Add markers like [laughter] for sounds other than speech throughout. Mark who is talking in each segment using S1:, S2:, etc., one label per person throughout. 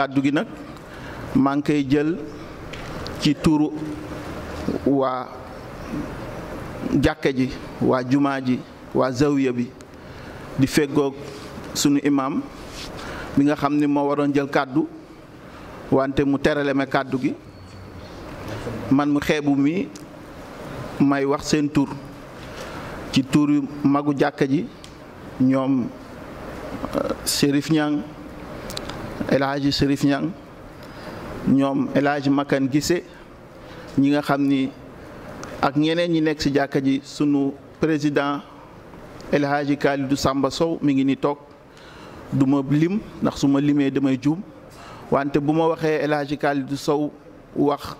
S1: kàddu gi nag maa ngi koy jël ci tuuru waa jàkka ji waa jumaa ji waa zawiya bi di feggoog sunu imam bi nga xam ni moo waroon jël kàddu wante mu terale ma kàddu gi man mu xeebu mi may wax seen tur ci tur yu magu jàkka ji ñoom euh, Serif Niang El Hadj Serif ñoom El Makan Gise ñi nga xam ni ak ñeneen ñi nekk ci jàkka ji sunu président El Hadj Kalidou Samba Sow mi ngi ni toog duma lim ndax suma ma limee damay juum wante bu ma waxee El Hadj Kalidou wax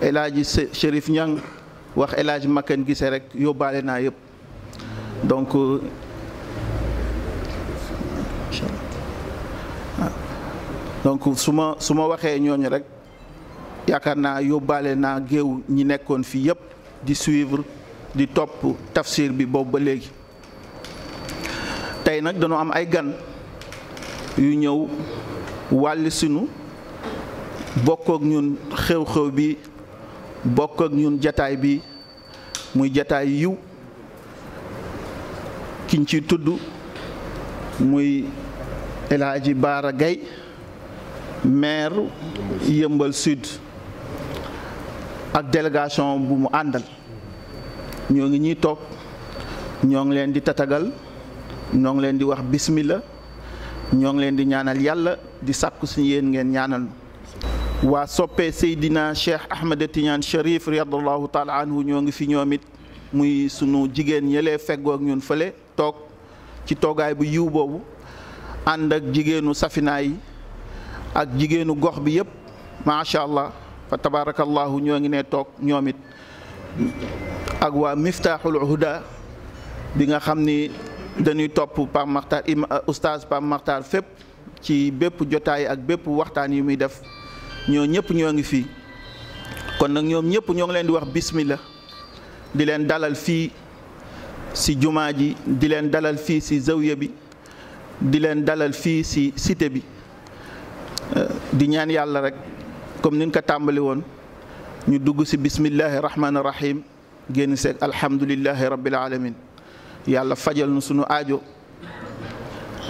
S1: El Hadj Serif wax El Makan Gise rek yóbbaale naa yëpp donc su ma su ma waxee ñooñu rek yaakaar naa yóbbaale naa géew ñi nekkoon fii yëpp di suivre di topp tafsir bi boobu ba léegi tey nag dañoo am ay gan yu ñëw wàlli sinu bokk ak ñun xew-xew bi bokk ak ñun jataay bi muy jataay yiw kiñ ci tudd muy El Hadji Baara gay maire Yëmbal Sud ak délégation bu mu àndal ñoo ngi ñuy toog ñoo ngi leen di tatagal ñoo ngi leen di wax bismillah ñoo ngi leen di ñaanal yàlla di sàkku si yéen ngeen ñaanal waa soppee Seydina Cheikh Ahmed Tidiane Cherif radiallahu taala anhu ñoo ngi fi ñoom it muy sunu jigéen ñëlee feggoog ñun fële toog ci toogaay bu yiw boobu ànd ak jigéenu safinaay ak jigenu gox bi ma sha allah fa tabarakallahu ñoo ngi ne tok ñoom ak wa miftahul huda bi nga xamni dañuy top par martar euh, oustaz par martar fep ci bépp jotaay ak bépp waxtaan yu muy def ñoo ñep ñoo ngi fi kon nak ñoom ñep ñoo ngi leen di wax bismillah di leen dalal fi si jumaaji ji di leen dalal fi si zawiya bi di leen dalal fi si cité bi di ñaan yàlla rek comme niñ ko tàmbali woon ñu dugg ci bismillahi rahmaani rahim génn seeg alhamdulillahi rabbil alamin yàlla fajal na sunu ajo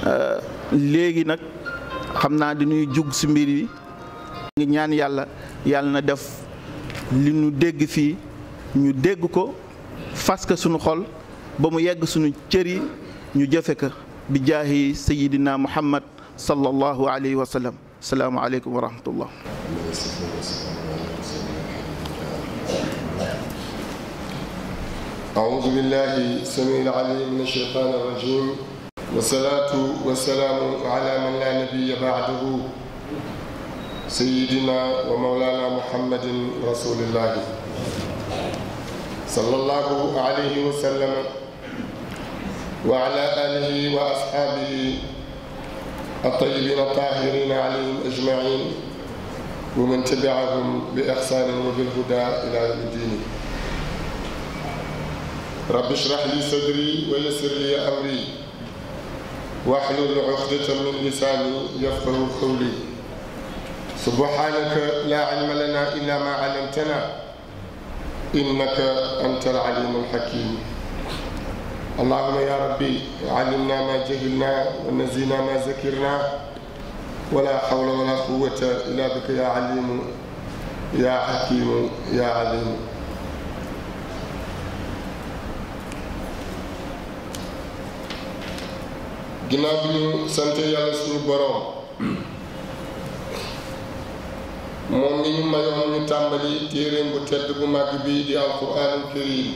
S1: euh, léegi nag xam naa diñuy jug ci mbir yi ñaan yàlla yàlla na def li nu dégg fii ñu dégg ko fas ko sunu xol ba mu yegg sunu cër yi ñu jëfe ko bi jaahi sayidina muhammad sallallahu alayhi wa sallam السلام عليكم ورحمة الله
S2: أعوذ بالله سميع العليم من الشيطان الرجيم والصلاة والسلام على من لا نبي بعده سيدنا ومولانا محمد رسول الله صلى الله عليه وسلم وعلى آله وأصحابه الطيبين الطاهرين عليهم أجمعين ومن تبعهم بإحسان وبالهدى إلى يوم الدين رب اشرح لي صدري ويسر لي أمري واحلل عقدة من لساني يفقه قولي سبحانك لا علم لنا إلا ما علمتنا إنك أنت العليم الحكيم اللهم يا ربي علمنا ما جهلنا ونزينا ما ذكرنا ولا حول ولا قوة إلا بك يا عليم يا حكيم يا عليم جنابي سنتي يا برام مؤمن ما يوم تعملي تيرين بتدبو ما قبيدي القرآن الكريم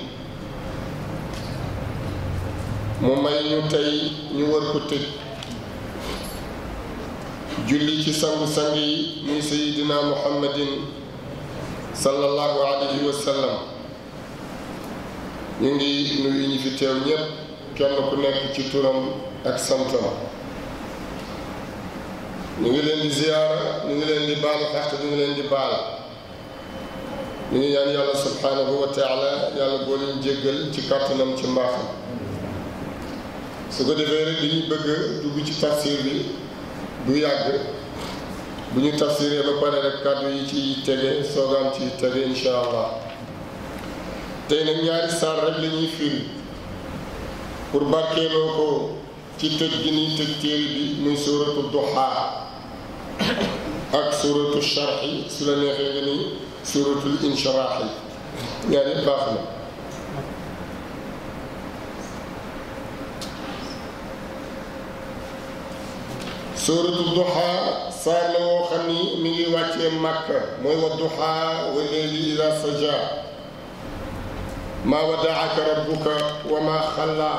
S2: mu may ñu tey ñu war ko tëj julli ci sangu-sang yi muy sayidina muhammadin sallallahu alayhi wa sallam ñu ngi nuyu ñi fi teew ñépp kenn ku nekk ci turam ak santam ñu ngi leen di ziyaara ñu ngi leen di baal xaq ñu ngi leen di baal ñu ngi ñaan yàlla subhaanahu wa taala yàlla boo leen jéggal ci kàttanam ci mbaaxam su ko defee rek dañuy bëgg a dugg ci tafsir bi du yàgg bu ñu tafsiree ba pare rek kàddu yi ci tege soogaam ci tege incha allah tey nag ñaari saar rek la ñuy firi pour barkeeloo ko ci tëj gi ñuy tëj téere bi muy suratu duha ak suratu sharxi su la neexee nga ni suratul insharaxi ñaar yëpp baax na سورة الضحى صلى لو خني مي واتي مكة مي والضحى والليل إلى سجى ما ودعك ربك وما خلى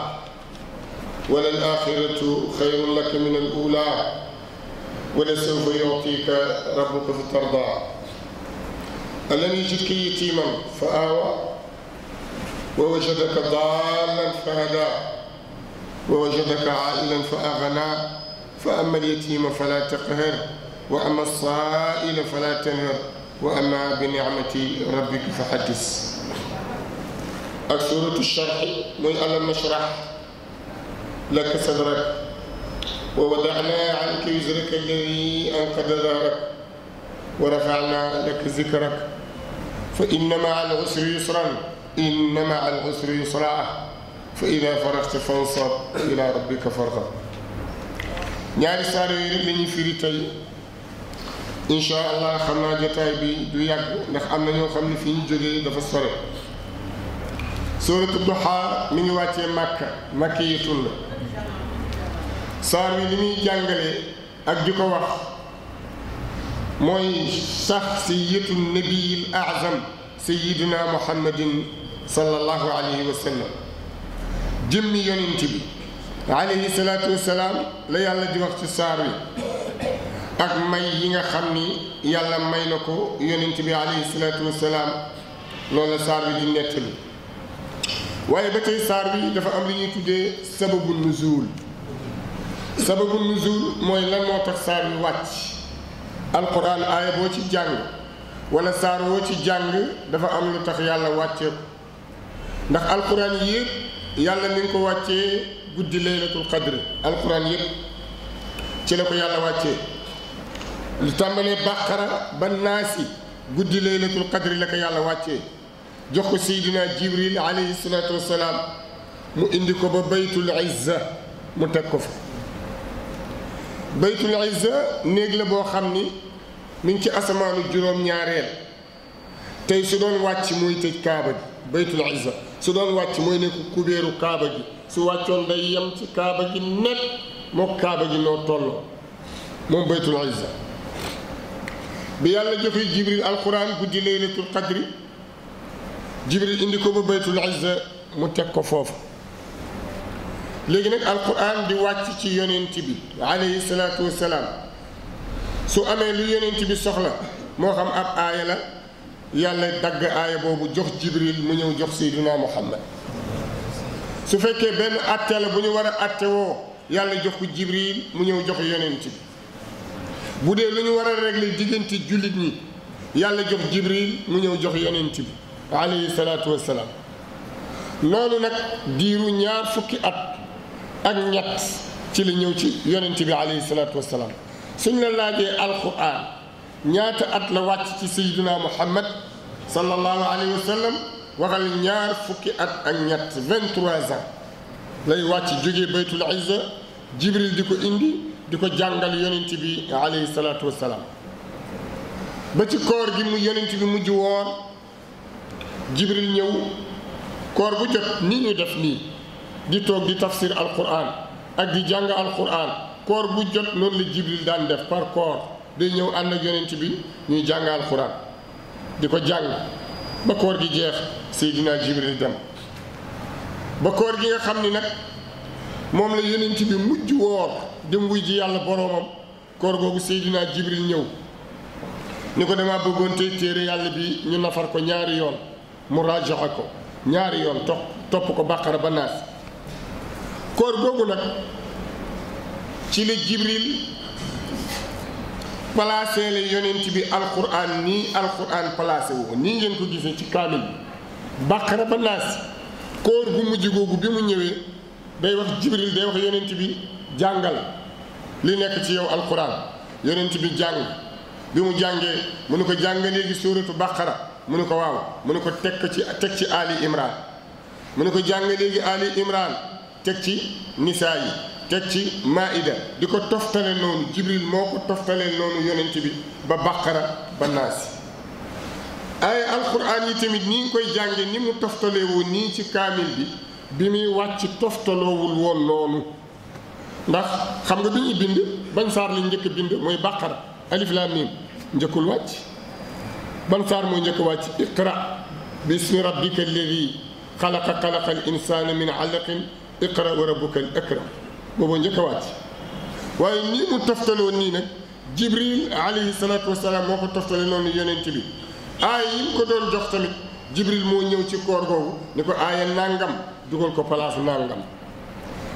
S2: وللآخرة خير لك من الأولى ولسوف يعطيك ربك فترضى ألم يجدك يتيما فآوى ووجدك ضالا فهدى ووجدك عائلا فأغنى فأما اليتيم فلا تقهر وأما الصائل فلا تنهر وأما بنعمة ربك فحدث السورة الشرح من ألم نشرح لك صدرك ووضعنا عنك وزرك الذي أنقذ دارك ورفعنا لك ذكرك فإنما على العسر يسرا إنما على العسر يسرا فإذا فرغت فانصب إلى ربك فارغب ñaari saar yooyu rek la ñuy firi tey incha allah xam naa jotaay bi du yàgg ndax am na ñoo xam ne fi ñu jógee dafa sore suuratu duxaa mi ngi wàccee màkka màkk yi tun la saar wi li muy jàngale ak di ko wax mooy sax si sayyidatu nabiyil azam sayidina muhammadin sallallahu alayhi wa sallam jëmmi yonent bi alayhi salaatu wasalaam la yàlla di wax ci saar wi ak may yi nga xam ni yàlla may na ko yonent bi alayhi salaatu wasalaam loolu la saar wi bi nettali waaye ba tey saar wi dafa am li ñuy tuddee sababu nuzul sababu nuzul mooy lan moo tax saar wi wàcc alquran aaya boo ci jàng wala saar woo ci jàng dafa am lu tax yàlla wàccee ko ndax alquran yépp yàlla ni nga ko wàccee guddi laylatul qadri alquran yépp ci la ko yàlla wàccee lu tàmbalee bàqara ba naasi guddi laylatul qadri la ko yàlla wàccee jox ko seydina jibril alayhi salaatu wasalaam mu indi ko ba baytul izza mu teg ko fa baytul izza néeg la boo xam ni mi ngi ci asamaanu juróom-ñaareel tey su doon wàcc muy tëj kaaba gi baytul izza su doon wàcc mooy nekk kubéeru kaaba gi سواتون كون دايام تي كابا جي نيت مو كابا جي نو تولو بيت العزة بي جفي جبريل القران غودي ليله القدر جبريل اندي كو بيت العزة مو تيك كو القران دي واتي تي يونتي بي عليه الصلاه والسلام سو امي لي يونتي بي سخلا مو خام اب ايه لا يالا دغ ايه بوبو جوخ جبريل من نيو سيدنا محمد su fekkee benn atte la bu ñu war a atte woo yàlla jox ko jibril mu ñëw jox yonent bi bu dee lu ñu war a régler diggante jullit ñi yàlla jox jibril mu ñëw jox yonent bi alayhi salaatu wassalaam loolu nag diiru ñaar fukki at ak ñett ci la ñëw ci yonent bi alayhi salaatu wassalaam suñ la laajee alquran ñaata at la wàcc ci sayyidina muhammad sallallahu alayhi wa sallam waxal ñaar fukki at ak ñett 23 ans lay wàcc jógee baytul izza jibril di ko indi di ko jàngal yonent bi alayhi salaatu ba ci koor gi mu yonent bi mujj woor jibril ñëw koor bu jot ni ñu def nii di toog di tafsir alquran ak di jàng alquran koor bu jot noonu la jibril daan def par koor day ñëw ànd ak bi ñuy jàng alquran di ko jàng ba koor gi jeex Seydina Jibril dem ba koor gi nga xam ni nag moom la yonent bi mujj woor dem wuy ji yàlla boroomam koor googu Seydina Jibril ñëw ni ko demaa bëggoon tey téere yàlla bi ñu nafar ko ñaari yoon mu rajaxa ko ñaari yoon topp ko bàqara ba naas koor googu nag ci la Jibril placé la yonent bi alquran nii alquran placé woo nii ngeen ko gisee ci kaamil bi bàqara ba naas koor mujj googu bi mu ñëwee day wax jibril day wax yonent bi jàngal li nekk ci yow alquran yonent bi jàng bi mu jàngee mu ne ko jàng léegi suuratu bàqara mu ne ko waaw mu ne ko tekk ci teg ci ali imran mu ne ko jàng léegi ali imraan teg ci nisaa yi تتي مائدة ديكو توفتالي نونو جبريل موكو توفتالي نونو يونانتي بي ببقرة بناسي آية القرآن يتمد نين كوي جانجي نيمو توفتالي وو تي كامل بي بيمي واتي توفتالي وو الوال نونو ناخ خمدو بند بان سار لنجك بند موي بقرة ألف لام ميم نجكو الواتي بان سار موي نجكو واتي اقرأ بسم ربك الذي خلق خلق الإنسان من علق اقرأ وربك الأكرم boobu njëkk a wàcc waaye nii mu toftaloon nii nag jibril alayhi salaatu moo ko toftale noonu yonent bi aay yi mu ko doon jox tamit jibril moo ñëw ci koor googu ni ko aaya nàngam dugal ko palaas nàngam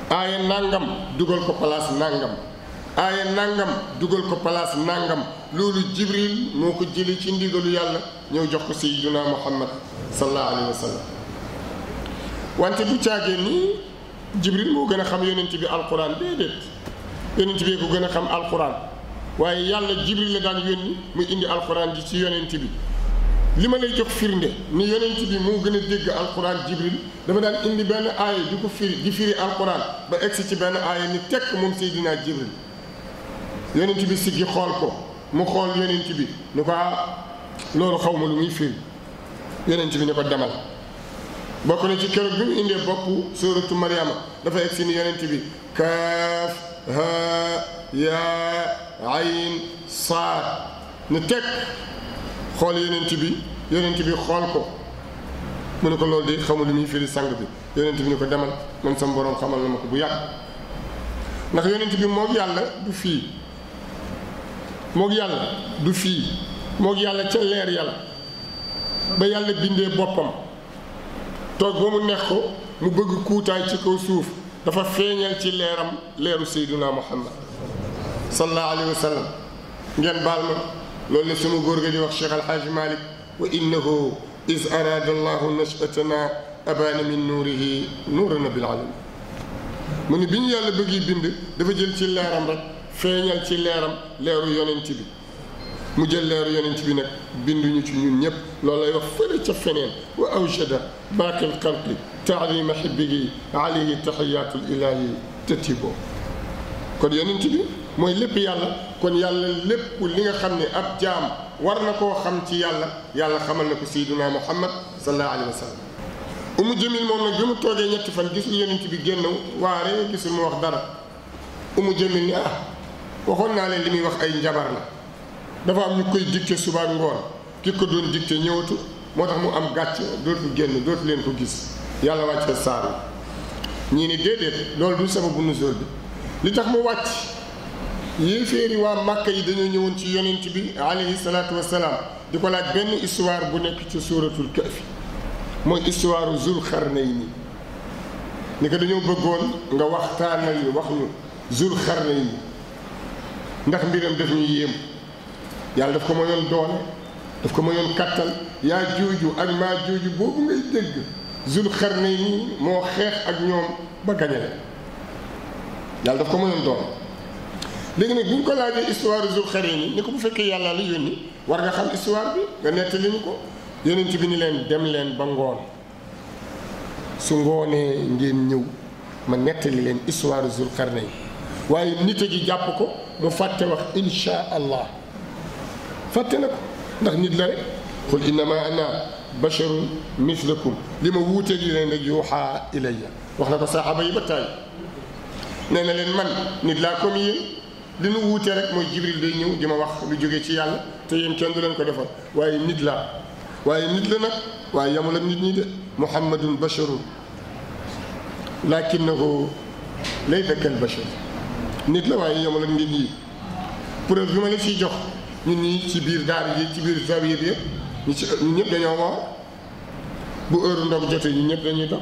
S2: aaya nàngam dugal ko palaasu nàngam aaya nàngam dugal ko palaasu nàngam loolu jibril moo ko jëli ci ndigalu yàlla ñëw jox ko sayyiduna muhammad sallallahu alayhi wa wante bu caagee nii jibril moo gën a xam yonent bi alquran déedéet yonent bee ko gën a xam alquran waaye yàlla jibril la daan yónni mu indi alquran ji ci yonent bi li ma lay jox firnde ni yonent bi moo gën a dégg alquran jibril dafa daan indi benn aaya di ko firi di firi alquran ba egsi ci benn aaya ni tekk moom seydinaa jibril yonent bi siggi xool ko mu xool yonent bi ni ko ah, loolu xaw ma lu muy firi yonent bi ni ko demal bokk na ci keroog bi mu indee bopp suuratu Mariama dafa yegg si ni yonent bi kaaf haa yaa ayn saad ñu teg xool yonent bi yonent bi xool ko mu ne ko loolu de xamul lu muy firi sang bi yonent bi ni ko demal man sama boroom xamal na ma ko bu yàgg ndax yonent bi moog yàlla du fii mook yàlla du fii mook yàlla ca leer yàlla ba yàlla bindee boppam toog ba mu neex ko mu bëgg kuutaay ci kaw suuf dafa feeñal ci leeram leeru seyduna muhammad sallallahu alayhi wa sallam ngeen baal ma loolu la sunu góor ga di wax cheikh alxaaji malik wa innahu is arada allahu nashatana abaana min nuurihi nuura nabil alamin mu ne bi ñu yàlla bëggee bind dafa jël ci leeram rek feeñal ci leeram leeru yonent bi mu jël leer yonent bi nag ñu ci ñun ñëpp loolu lay wax fële ca feneen wa awjada baaqil xalqi taalima xibbihi alayhi taxiyatul ilahi tatibo kon yonent bi mooy lépp yàlla kon yàlla lépp li nga xam ne ab jaam war na koo xam ci yàlla yàlla xamal na ko sayyiduna muhammad sallallahu alayhi wa sallam umu jëmil moom nag bi mu toogee ñetti fan gisul yonent bi génn waare gisul mu wax dara umu jëmil ni ah waxoon naa leen li muy wax ay njabar la dafa am ñu koy dicté suba ak ngoon ki ko doon dicté ñëwatu moo tax mu am gàcce dootul génn dootu leen ko gis yàlla wàcc sa yi ñii ni déedéet loolu du sababu nuzul bi li tax mu wàcc yéeféeri waa Màkka yi dañoo ñëwoon ci yonent bi alayhi salaatu wasalaam di ko laaj benn histoire bu nekk ci suuratul kahfi mooy histoire yi Xarnayni ni ko dañoo bëggoon nga waxtaanal ñu wax ñu yi Xarnayni ndax mbiram daf ñu yéem yàlla daf ko mayoon doole daf ko mayoon kàttan yaa juuju ak maa juuju boobu ngay dégg zul xarnay nii moo xeex ak ñoom ba gañe la yàlla daf ko mayoon doole léegi nag bu ñu ko laajee histoire zul xarnay nii ni ko bu fekkee yàlla la yónni war nga xam histoire bi nga nettali ñu ko yonent bi ni leen dem leen ba ngoon su ngoonee ngeen ñëw ma nettali leen histoire zul xarnay waaye nite gi jàpp ko mu fàtte wax insha allah fàtte na ko ndax nit la rek qul innama ana basharun mislakum li ma wuutee wuuteeg yeneen rek yuuxaa ilayya wax na ko saxaaba yi ba taay nee na leen man nit laa comme yéen li nu wuutee rek mooy jibril day ñëw di ma wax lu jóge ci yàlla te yéen kenn du leen ko defal waaye nit laa waaye nit la nag waaye yamul ak nit ñi de muhammadun basharun lakinnahu laysa kal bashar nit la waaye yamul ak nit ñi preuve bi ma la fiy jox ñun ñii ci biir daara ji ci biir zawiya bi yëpp ñu ci ñu ñëpp dañoo woor bu heure ndogu jotee ñu ñëpp dañuy dog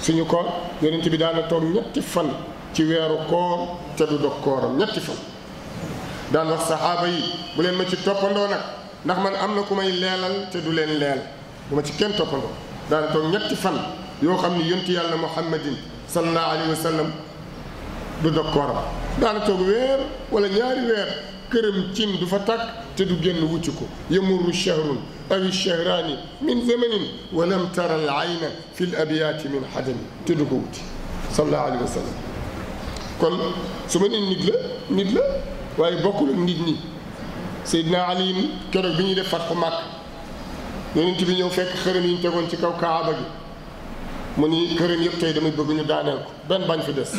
S2: suñu koor yonent bi daana toog ñetti fan ci weeru koor te du dog kooram ñetti fan daan wax saxaaba yi bu leen ma ci toppandoo nag ndax man am na ku may leelal te du leen leel bu ma ci kenn toppandoo daana toog ñetti fan yoo xam ni yonti yàlla muhammadin sallallahu alayhi wa sallam du dog kooram daana toog weer wala ñaari weer këram cin du fa tàkk te du génn wucc ko yamurru shahrun awi shahraani min zamanin wa lam tara al ayna fi l min hadami te du ko wuti sallallahu alayhi wa kon su ma nit la nit la waaye bokkul nit ñi Seydina Ali keroog bi ñuy def fat ko màkk yonent bi ñëw fekk xërëm yi ñu tegoon ci kaw kaaba gi mu ni këram yëpp tey da bëgg ñu daaneel ko benn bañ fi des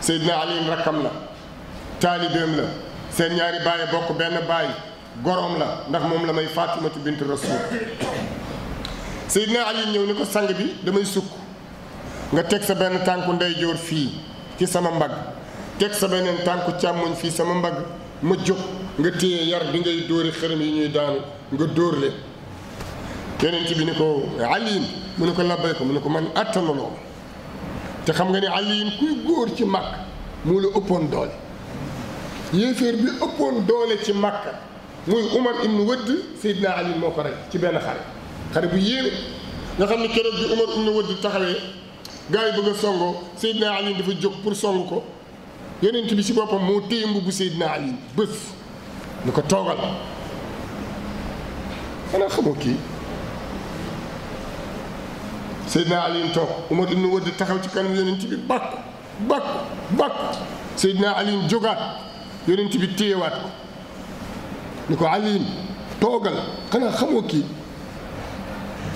S2: Seydina Ali rakkam la taalibeem la seen ñaari baay bokk benn baay gorom la ndax moom la may Fatimatu bint Rasul Seydina Ali ñëw ni ko sang bi damay sukk nga teg sa benn tànku ndeyjoor fii ci sama mbag teg sa beneen tànku càmmoñ fii sama mbag ma jóg nga téye yar bi ngay dóori xërëm yi ñuy daanu nga dóor leen ci bi ni ko aliin mu ne ko labbay ko mu ne ko man àttanaloo te xam nga ne aliin kuy góor ci mag mu la ëppoon doole yéeféer bi ëppoon doole ci Makka muy Umar ibnu Wëdd Seydina Ali moo ko rey ci benn xare xare bu yéeme nga xam ne keroog bi Umar ibnu Wëdd taxawee gars yi bëgg a songoo Seydina Ali dafa jóg pour song ko yonent bi ci boppam moo téye mbubbu Seydina Ali bés ko toogal xanaa xamoo kii Seydina Ali toog Umar ibnu Wëdd taxaw ci kanam yonent bi bàkk bàkk bàkk Seydina Ali jógaat yonent bi téyewaat ko ni ko aliin toogal xanaa xamoo kii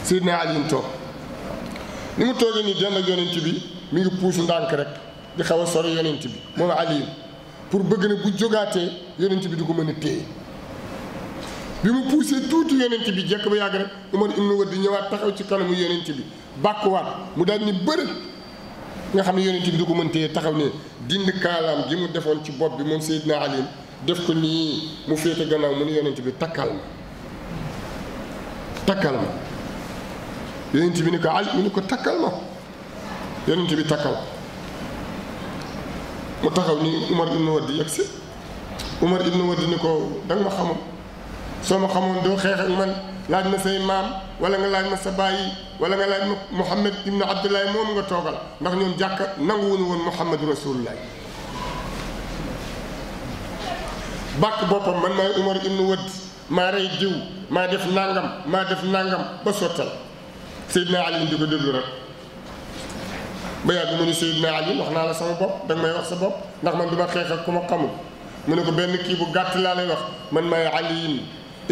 S2: Seydina aliin toog ni mu toogee nii dend ak yonent bi mu ngi puus ndànk rek di xaw a sori yonent bi moom aliin pour bëgg na bu jógaatee yonent bi di ko mën a téye bi mu puusee tuuti yonent bi jekk ba yàgg rek Umar ibnu Wad di ñëwaat taxaw ci kanamu yonent bi bàkkuwaat mu daal ni bëri nga xam ne yonent bi du ko taxaw ne dind kaalaam gi mu defoon ci bopp bi moom Seydina Ali def ko nii mu féete gannaaw mu ne yonent bi takkal ma takkal ma yonent bi ni ko Ali mu ni ko takkal ma yonent bi takkal mu taxaw ni Umar ibn Wadi yegg si Umar ibn Wadi ni ko da nga ma xamoon soo ma xamoon doo xeex ak man laaj na say maam wala nga laaj na sa baay wala nga laaj muhammad ibnu abdullahi moom nga toogal ndax ñoom jàkk nanguwuñu woon muhammadu rasulullahi bàkk boppam man maay umar ibnu wëdd maa rey diw maa def nangam maa def nangam ba sottal seydina ali di ko déglu rek ba yàgg mu ne seydina ali wax naa la sama bopp danga may wax sa bopp ndax man du ma xeex ak ku ma xamul mu ne ko benn kii bu gàtt laa lay wax man maay aliin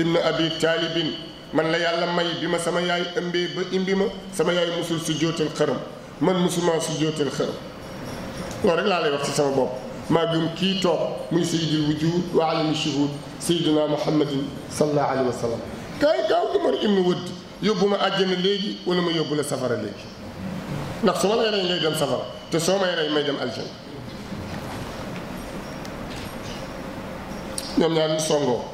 S2: ibnu abi taalibin man la yàlla may bima sama yaay ëmbé ba imbi ma sama yaay musul su jootal xërëm man musuma su jootal xërëm loolu rek la lay wax ci sama bop ma gëm ki toog muy sayyidul wujuud wa alim shuhud sayyiduna muhammad sallallahu alaihi wasallam kay kaw ko mar ibnu wud yobuma aljana legi wala ma yobula safara legi ndax sama ma lay rey ngay dem safara te so may rey may dem aljana ñom ñaar ñu songo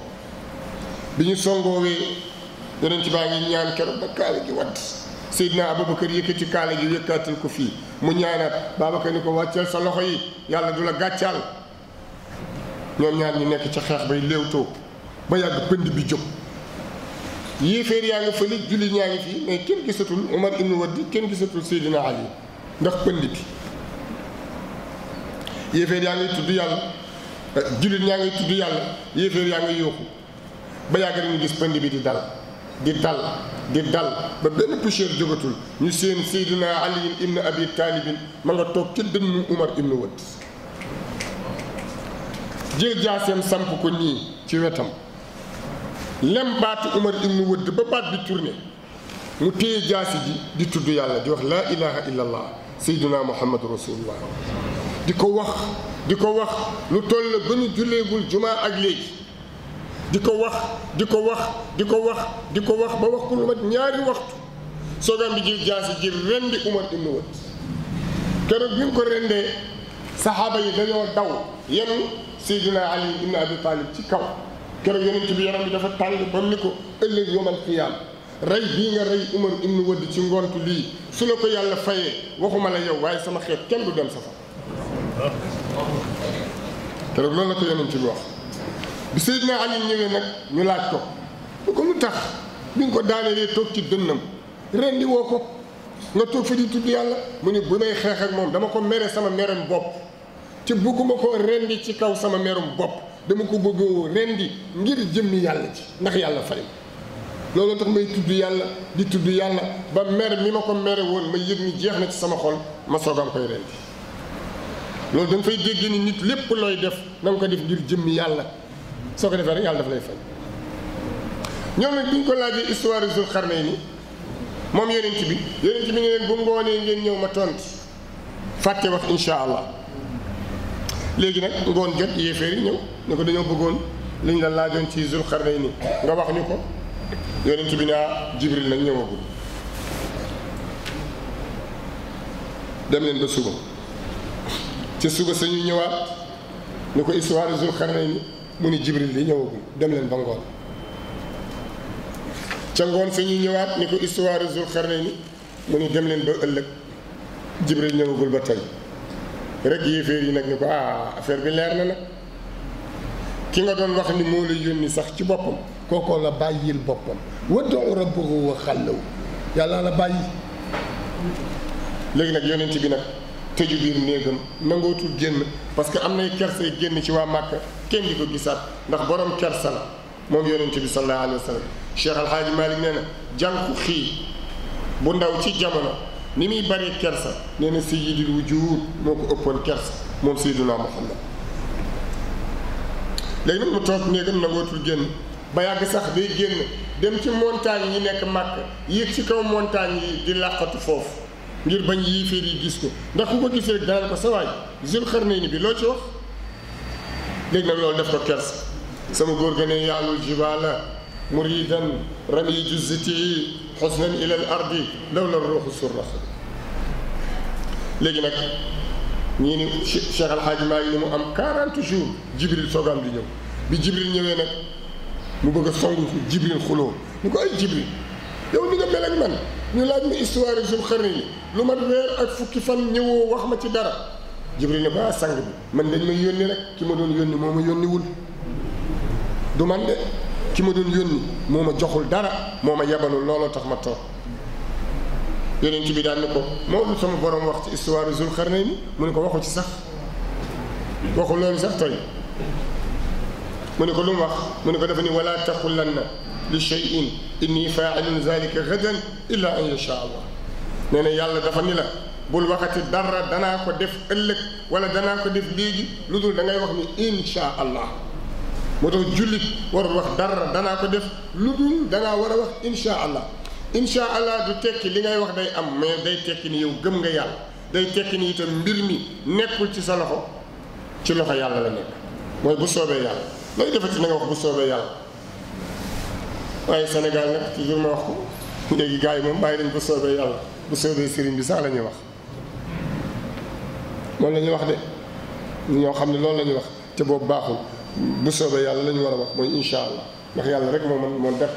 S2: biñu songo wi yonent baa ngi ñaan keroog ba kaala gi wadd Seydina Aboubacar yëkkati kaala gi yëkkaatal ko fii mu ñaanaat Babacar ni ko wàcceel sa loxo yi yàlla du la gàccaal ñoom ñaan ñi nekk ca xeex bay léewtoo ba yàgg pënd bi jóg yéeféer yaa ngi fële julli ñaa ngi fii mais kenn gisatul Omar ibnu Wadi kenn gisatul Seydina Ali ndax pënd bi yéeféer yaa ngi tudd yàlla jullit ñaa ngi tudd yàlla yéeféer yaa ngi yooxu ba yàgg rek ñu gis pënd bi di dal دال دال ببن بشير جوتول نسين سيدنا علي ابن ابي طالب ما لا توك تي عمر ابن ود جي جاسم سامب كو ني تي وتام لم بات عمر ابن ود با بات بي جاسي دي دي تودو يالا دي لا اله الا الله سيدنا محمد رسول الله ديكو واخ ديكو واخ لو بني جولي بول جمعه di ko wax di ko wax di ko wax di ko wax ba wax ku lu ñaari waxtu soogaan bi jël jaasi ji rendi Umar ibn Wad keroog bi mu ko rendee saxaaba yi dañoo daw yenu Seydina Ali ibn Abi Talib ci kaw keroog yonent bi yaram bi dafa tàng ba ni ko ëllëg yomal xiyaam rey bii nga rey Umar ibn ci ngontu lii su la ko yàlla fayee waxuma la yow waaye sama xeet kenn du dem safar keroog loolu la ko yonent bi wax bi Seydina Ali ñëwee nag ñu laaj ko lu ko lu tax bi nga ko daanelee toog ci dënnam rendi woo ko nga toog fa di tudd yàlla mu ne bu may xeex ak moom dama ko mere sama meram bopp te bëgguma ko rendi ci kaw sama meram bopp dama ko bëgg rendi ngir jëmmi yàlla ci ndax yàlla fay loolu tax may tudd yàlla di tudd yàlla ba mer mi ma ko mere woon ma yëg ni jeex na ci sama xol ma soogam koy rendi loolu da fay dégg ni nit lépp looy def na ko def ngir jëmmi yàlla soo ko defee rek yàlla dafa lay fay ñoom nag bi ko laajee histoire Zul Xarnayni moom yonent bi yonent bi ne leen bu ngoonee ngeen ñëw ma tontu fàtte wax insha allah léegi nag ngoon jot yéeféer yi ñëw ne ko dañoo bëggoon liñ la laajoon ci Zul Xarnayni nga wax ñu ko yonent bi naa ah, Jibril nag ñëwagul dem leen ba suba ca suba sañu ñëwaat ne ko histoire Zul Xarnayni mu ni jibril li ñëwagul dem leen ba ngoon ca ngoon suñuy ñëwaat ni ko histoire zul xarnayni mu ni dem leen ba ëllëg jibril ñëwagul ba tey rek yéeféer yi nag ni ko ah affaire bi leer na nag ki nga doon wax ni moo la yónni sax ci boppam kookoo la bàyyil boppam waddoo rabbahu wa xàllaw yàlla la bàyyi léegi nag yonent bi nag tëju biir néegam nangootul génn parce que am nay kersay génn ci waa Màkka كين ديكو غيسات داخ بوروم كيرسال موم يونتي بي صلى الله عليه وسلم شيخ الحاج مالك نانا جانكو خي بو نداو سي جامونو نيمي باري كيرسال نانا سيد الوجود موكو اوبون كيرس موم سيدنا محمد لكن مو توك نيغن نغوتو ген با ياغ صاح دي ген ديم سي مونتاج ني نيك ماك ييك سي كو مونتاج ني دي لاخاتو فوف ngir bañ yi fi gis ko ndax ko gisee daal ko saway jël xarnay bi loo ci wax لكن لكن لكن سمو لكن لكن لكن لكن رمي جزتي حسنا إلى الأرض لولا الروح لكن لكن لكن لكن لكن الحاج لكن أم 40 لكن جبريل لكن لكن لكن جبريل لكن لكن لكن لكن جبريل خلو لكن جبريل لكن لكن لكن لكن لكن لكن لكن لكن لكن لكن لكن لكن لكن لكن لكن jibril ne ko ah sang bi man dañ may yónni rek ki ma doon yónni moo ma yónniwul du man de ki ma doon yónni moo ma joxul dara moo ma yebalul looloo tax ma toog yonent bi daan ne ko moo lu sama borom wax ci histoire zul xarnay ni mu ne ko waxu ci sax waxu loolu sax tey mu ne ko lu mu wax mu ne ko dafa ni wala taxulanna li cheyin inni faailun zalika gadan illa an yasha allah nee na yàlla dafa ni la bul waxati dara dana ko def ëllëg wala dana ko def léegi lu dul da ngay wax ni insha allah moo tax jullit warul wax dara dana ko def lu dul dangaa war a wax insha allah insha allah du tekki li ngay wax day am mais day tekki ni yow gëm nga yàlla day tekki ni itam mbir mi nekkul ci sa loxo ci loxo yàlla la nekk mooy bu soobee yàlla looy defati na nga wax bu soobee yàlla waaye Sénégal nag toujours ma wax ko léegi gars yi moom bàyyi nañ bu soobee yàlla bu soobee sëriñ bi sax la ñuy wax loolu la ñuy wax de ñoo xam ne loolu la ñuy wax te boobu baaxul bu soobee yàlla la ñu war a wax mooy incha allah ndax yàlla rek moo mën moon def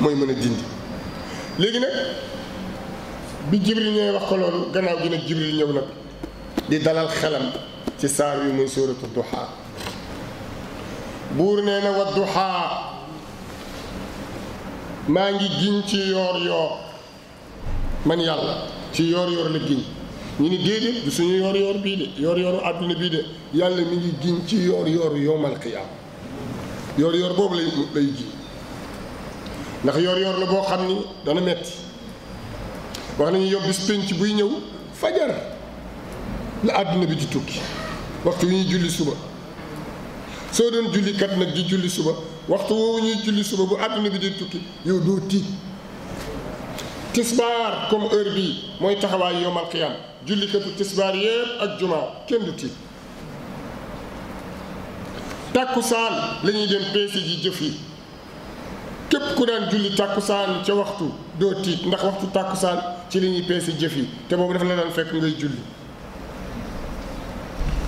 S2: mooy mën a dindi. léegi nag bi jibril ñooy wax ko loolu gannaaw gi nag jibril ñëw nag di dalal xelam ci saar yu muy suuratu duhaa buur nee na wa duhaa maa ngi giñ ci yoor yoor man yàlla ci yoor yoor la giñ ñu ni déedéet du suñu yoor yoor bii de yoor yooru àdduna bii de yàlla mi ngi giñ ci yoor yoor yowmal qiyaam yoor yoor boobu lay lay giñ ndax yoor yoor na boo xam ni dana metti wax nañu yow bis pénc buy ñëw fajar la àdduna bi di tukki waxtu wi ñuy julli suba soo doon julli kat nag di julli suba waxtu woowu ñuy julli suba bu àdduna bi di tukki yow doo tiit tisbaar comme heure bii mooy taxawaay yowmal qiyaam jullikatu tisbaar yépp ak jumaa kenn du tiit tàkkusaan la lañuy dem peese ji jëf yi képp ku daan julli tàkkusaan ca waxtu doo tiit ndax waxtu tàkkusaan ci li ñuy peese jëf yi te boobu dafa la daan fekk ngay julli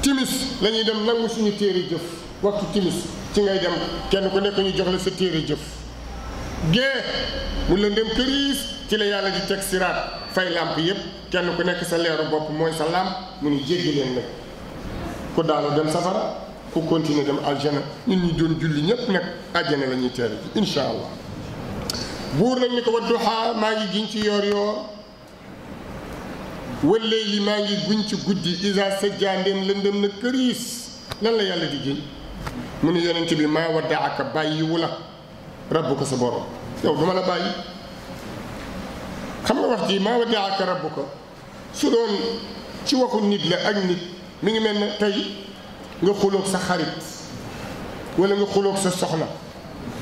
S2: timis la dem nangu suñu téere jëf waxtu timis ci ngay dem kenn ku nekk ñu jox la sa téere jëf gée mu lëndëm këriis ci la yàlla di teg siraat fay làmp yépp kenn ku nekk sa leeru bopp mooy sa làmp mu ne jéggi leen nag ku daanu dem safara nag aljana la ñuy teer ji insha allah buur nag ni ko wadduhaa maa ngi giñ ci yoor yoor wëllee maa ngi guñ ci guddi isa sa jandeem lëndëm na këriis lan la yàlla di giñ mu ne yonent bi maa waddaaka bàyyiwu la rabbu ko sa borom yow duma la bàyyi xam nga wax ji ma wadi ak rabbuka su doon ci waxu nit la ak nit mi ngi mel tay nga xuloog sa xarit wala nga xuloog sa soxla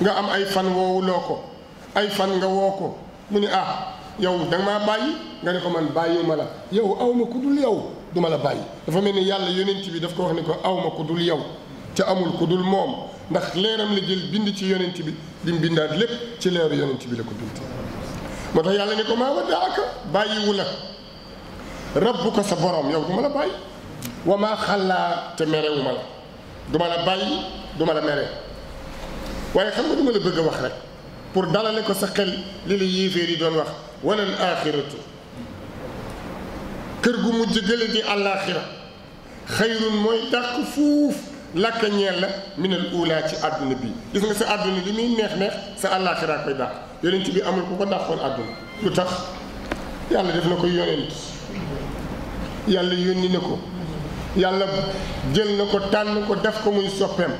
S2: nga am ay fan woowuloo loko ay fan nga woo ko mu ni ah yow da ma bàyyi nga ne ko man bayyi mala yow awma ma ku dul yow du ma la bàyyi dafa melni yàlla yonent bi daf ko wax ni ko awma ma ku dul yow ci amul ku dul moom ndax leeram la jël bind ci yonent bi di bindat lépp ci leer yonent bi la ko bind motax yàlla ne ko ma wadda aka bàyyiwu la rabbu sa borom yow duma la bàyyi wama khalla te merewu ma la du la bàyyi duma la mere waye xam nga duma la bëgg wax rek pour dalale ko sa xel li la yéeféer yi doon wax wala al akhiratu kër gu mujj gële di àllaaxira xayrun mooy dàq fuuf làkka ñeel la al ula ci aduna bi gis nga sa aduna li muy neex neex sa al akhira koy dàq yonent bi amul ku ko dàqoon àdduna lu tax yàlla def na ko yonent yàlla yónni na ko yàlla jël na ko tànn ko def ko muy soppeem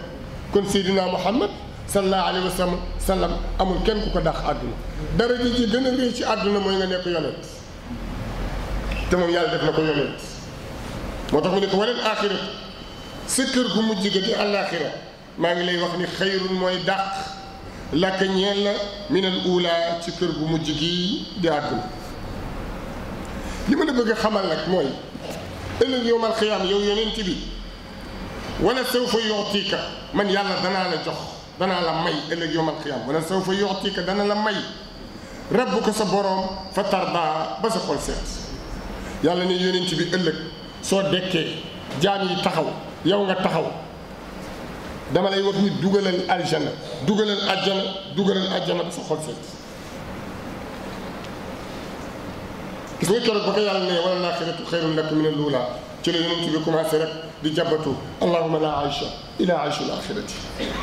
S2: kon seydina muhammad sallallahu alayhi wa sallam amul kenn ku ko dàq àdduna dara ji ci gën a réy ci àdduna mooy nga nekk yonent te moom yàlla def na ko yonent moo tax mu ne ko waleel aaxirat sa kër gu mujj ga di àllaaxira maa ngi lay wax ni xayrun mooy dàq لك ñeel min al ula ci kër gu mujj gi di àdduna li ma la bëgg xamal nag mooy ëllëg yowmal xiyaam yow yonent bi wala sawfa yuxtika man yàlla danaa la jox danaa la may ëllëg yowmal xiyaam wala sawfa yuxtika dana la may rabb ko sa borom fa tarda ba sa xol seet yàlla ne yonent bi ëllëg soo dekkee jaam yi taxaw yow nga taxaw dama lay wax ni dugalal aljana dugalal aljana dugalal aljana ba sa xol seet gis nga keroog ba ko yàlla ne wala laaxiratu xayrun laka min al-uula ci la yonent bi commencé rek di jàbbatu allahuma laa aysha ilaa aychu laaxirati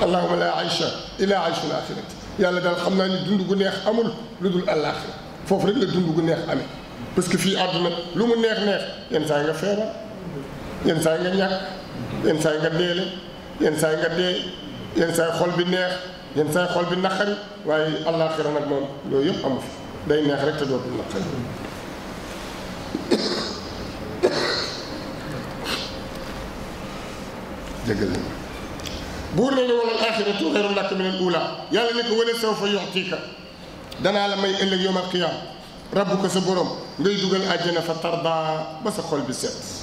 S2: allahuma laa aysha ilaa aychu laaxirati yàlla daal xam naa ni dund gu neex amul lu dul àllaaxira foofu rek la dund gu neex amee parce que fii àdduna lu mu neex neex yenn saa yi nga feebar yenn saa yi nga ñàkk yenn saa yi nga deele yenn saa yi nga dee yenn saa yi xol bi neex yenn saa yi xol bi naqari waaye àllaaxira nag moom loolu yëpp amu fi day neex rek te dootul naqari dëgg la buur nañu wala alaaxiratu xayru laka min al ula yàlla ne ko wala sawfa yuxtika danaa la may ëllëg yowm al qiyaam rabbuka sa borom ngay dugal àjjana fa tarda ba sa xol bi set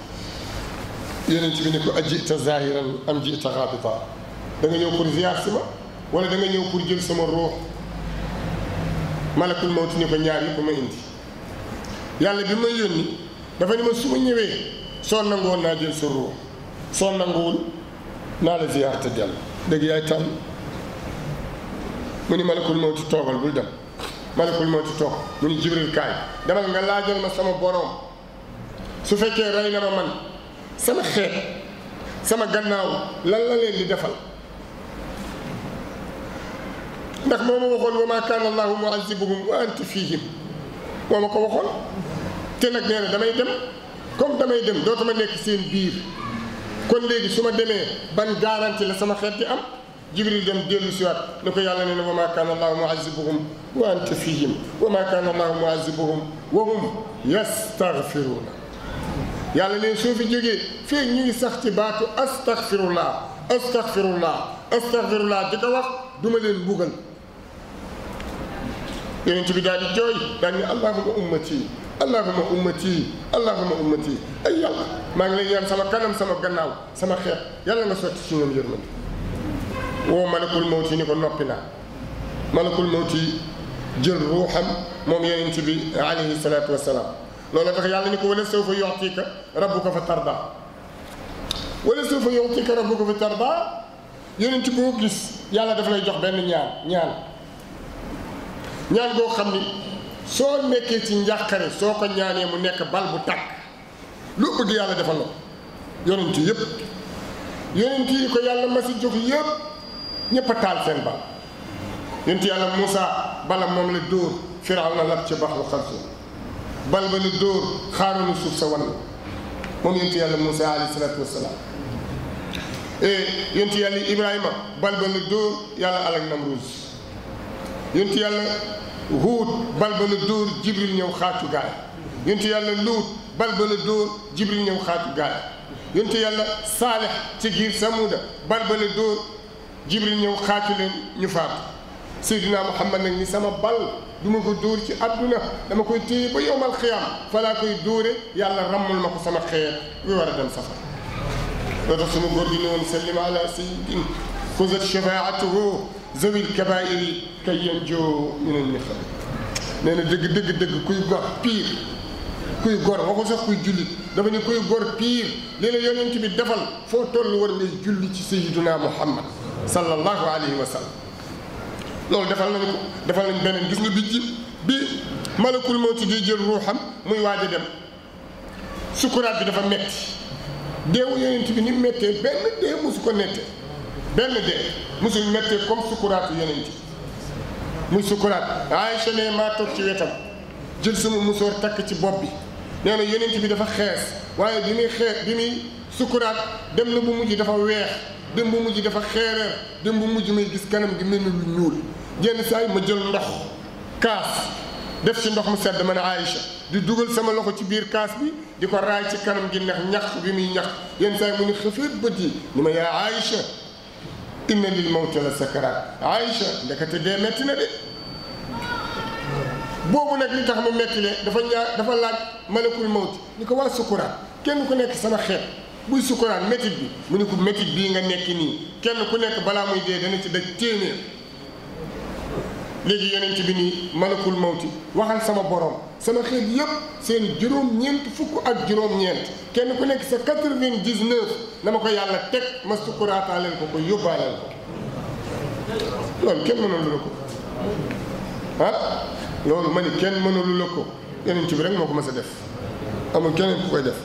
S2: yonent bi ne ko ajita zahiran am jita xaabita da nga ñëw pour ziar si ma wala danga ñëw pour jël sama ruux malakul mawti ne ko ñaar yëpp ma indi yàlla bi ma yónni dafa ni ma su ma ñëwee soo nangoon naa jël sa ruux soo nanguwul naa la ziar te dellu dëgg yaay tànn mu ni malakul mawti toogal bul dem malakul mawti toog mu ni jibril kaay demal nga laajal ma sama borom su fekkee rey na ma man sama xeet sama gannaaw lan la leen di defal ndax moo ma waxoon wa maa kaana allahu muazibuhum wa anta fihim moo ma ko waxoon te nag nee na damay dem comme damay dem dootuma nekk seen biir kon léegi su ma demee ban garanti la sama xeet di am jibril dem dellu siwaat ne ko yàlla nee na wa maa kaana allahu muazibuhum wa anta fihim wa maa kaana allahu muazibuhum wa hum yastaghfiruuna yàlla ne soo fi jógee fii ñu ngi sax ci baatu astaxfirullah astaxfirullah astaxfirullah di ko wax duma leen mbugal yonent bi daal di jooy daal ni allahuma ummati allahuma ummati allahuma ummati ay yàlla maa ngi lay ñaan sama kanam sama gannaaw sama xeet yàlla nga sotti si ñoom yërmande woo malakul mawti ni ko noppi naa malakul mawti jël ruuxam moom yonent bi alayhi salaatu wassalaam لولا تخ يالله نيكو ولا سوف يعطيك ربك فترضى ولا سوف يعطيك ربك فترضى يونت بو غيس يالله دافلا جوخ بن نيان نيان نيان جو خامي سو نيكي سي نياخاري سو كو نياني مو نيك بال بو تاك لو بغي يالله دافلا يونت ييب يونت كو يالله ما سي جوخ ييب نيب تال سين با يونت يالله موسى بالام موم لي دور فرعون لا تشبخ وخرجوا bal ba la dóor xaaroonu suuf sa wan moom yontu yàlla Moussa alayhi salaatu wasalaam yontu yàlla Ibrahima bal ba la dóor yàlla alak Namruus yontu yàlla Huud bal ba la dóor Jibril ñëw xaatu gaay yontu yàlla Luut bal dóor Jibril ñëw xaatu gaay yontu yàlla Saalex ci giir Samuuda bal dóor Jibril ñëw xaatu leen ñu faatu Seydina Muhammad nag ni sama duma ko dóor ci aduna dama koy tey ba yowmal khiyam fala koy dóore yàlla ramul mako sama xeer wi wara dem safar do tax sunu gor di non sallim ala sayyidin xuzat shafaatuhu zawil kabairi kay yanjo min al nee neena deug deug deug kuy gor pir kuy gor wako sax kuy jullit dama ni kuy gor pir lii yonent bi defal fo tollu war ngay julli ci sayyiduna muhammad sallallahu alayhi wa sallam loolu defal nañ defal nañ beneen gis nga bi ji bi malakul mawti di jël ruuxam muy waaj a dem sukuraat bi dafa metti deewu yonent bi ni méttee benn dee mosu ko nettee benn dee mosul méttee comme sukuraatu yonent muy sukuraat Aïcha ne maa toog ci wetam jël sama musóor takk ci bopp bi nee na yonent bi dafa xees waaye bi muy xees bi muy sukuraat dem na bu mujj dafa weex dem bu mujj dafa xeereer dem bu mujj may gis kanam gi mel ni lu ñuul yenn saa yi ma jël ndox kaas def ci ndox mu sedd ma man Aïcha di dugal sama loxo ci biir kaas bi di ko raay ci kanam gi ndax ñax bi muy ñax yenn saa yi mu ni xëfeet bët yi ni ma yaa Aïcha inna lil mawti la sakaraat Aïcha ndekete dee metti na de boobu nag li tax mu metti le dafa ñaa dafa laaj malakul mawti ni ko waa sukuraat kenn ku nekk sama xeet buy sukuraat metit bi mu ne ko métit bii nga nekk nii kenn ku nekk balaa muy dee dana ci daj téeméer léegi yonent bi nii malakul mawti waxal sama borom sama xeet yépp seen juróom-ñeent fukk ak juróom-ñeent kenn ku nekk sa quatre-vingt-dix-neuf na ma ko yàlla teg ma sukkuraataaleel ko ko yóbbaaleel ko loolu kenn mënalu la ko ah loolu ma ni kenn mënalu la ko yonent bi rek moo ko mës a def amul keneen ku koy def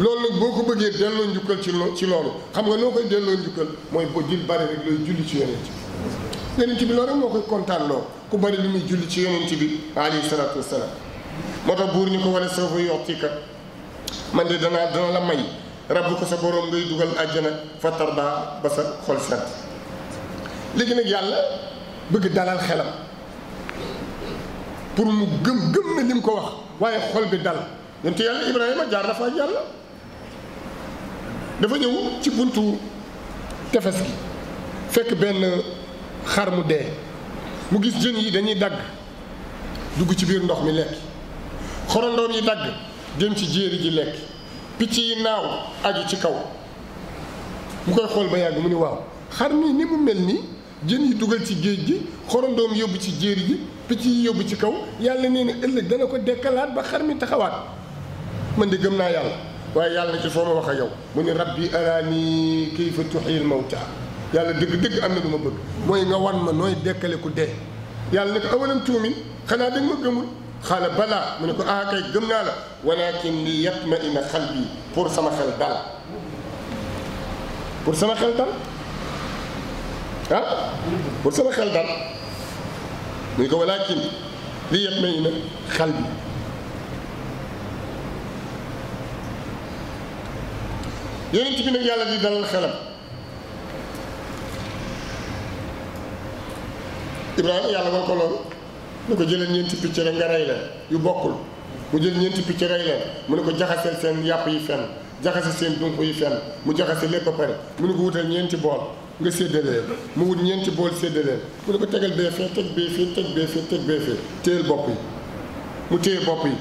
S2: loolu nag boo ko bëggee delloo njukkal ci ci loolu xam nga noo koy delloo njukkal mooy boo jël bari rek looy julli ci yonent bi yonent bi loolu moo koy kontaanloo ku bari lu muy julli ci yonent bi alayhi salaatu wasalaam moo tax buur ñu ko wala soo fa yoxti ka man de danaa dana la may rabb ko sa boroom ngay dugal àjjana fa tarda ba sa xol sant léegi nag yàlla bëgg dalal xelam pour mu gëm gëm na li mu ko wax waaye xol bi dal yonent yàlla Ibrahima jaar na fa yàlla dafa ñëw ci buntu tefes gi fekk benn xar mu dee mu gis jën yi dañuy dagg dugg ci biir ndox mi lekk xorondoom yi dagg dem ci jéeri ji lekk picc yi naaw aju ci kaw mu koy xool ba yàgg mu ni waaw xar mi ni mu mel nii jën yi dugal ci géej gi xorondoom yóbbu ci jéeri ji picc yi yóbbu ci kaw yàlla nee na ëllëg dana ko dekkalaat ba xar mi taxawaat man de gëm naa yàlla waaye yàlla ci foo ma wax a yow mu ni rabbi araani kayfa maw mawta yàlla dëgg-dëgg am na lu ma bëgg mooy nga wan ma nooy dekkale ku dee yàlla ne ko awalam xanaa dañ nga ma gëmul xaala balaa mu ne ko ah kay gëm naa la walakin li yatma ina xal bii pour sama xel dal pour sama xel dal ah? sama xel mu ngi ko walakin li yatma ina xal bi yonent bi nag yàlla di dalal xelam Ibrahima yàlla wan ko loolu ne ko jëlee ñeenti picc rek nga rey leen yu bokkul mu jël ñeenti picc rey leen mu ne ko jaxaseel seen yàpp yi fenn jaxase seen dunq yi fenn mu jaxase lépp ba pare mu ne ko wutal ñeenti bool nga séddalee mu wut ñeenti bool séddalee mu ne ko tegal bee fee teg bee fee teg bee fee teg bee fee téyel bopp yi mu téye bopp yi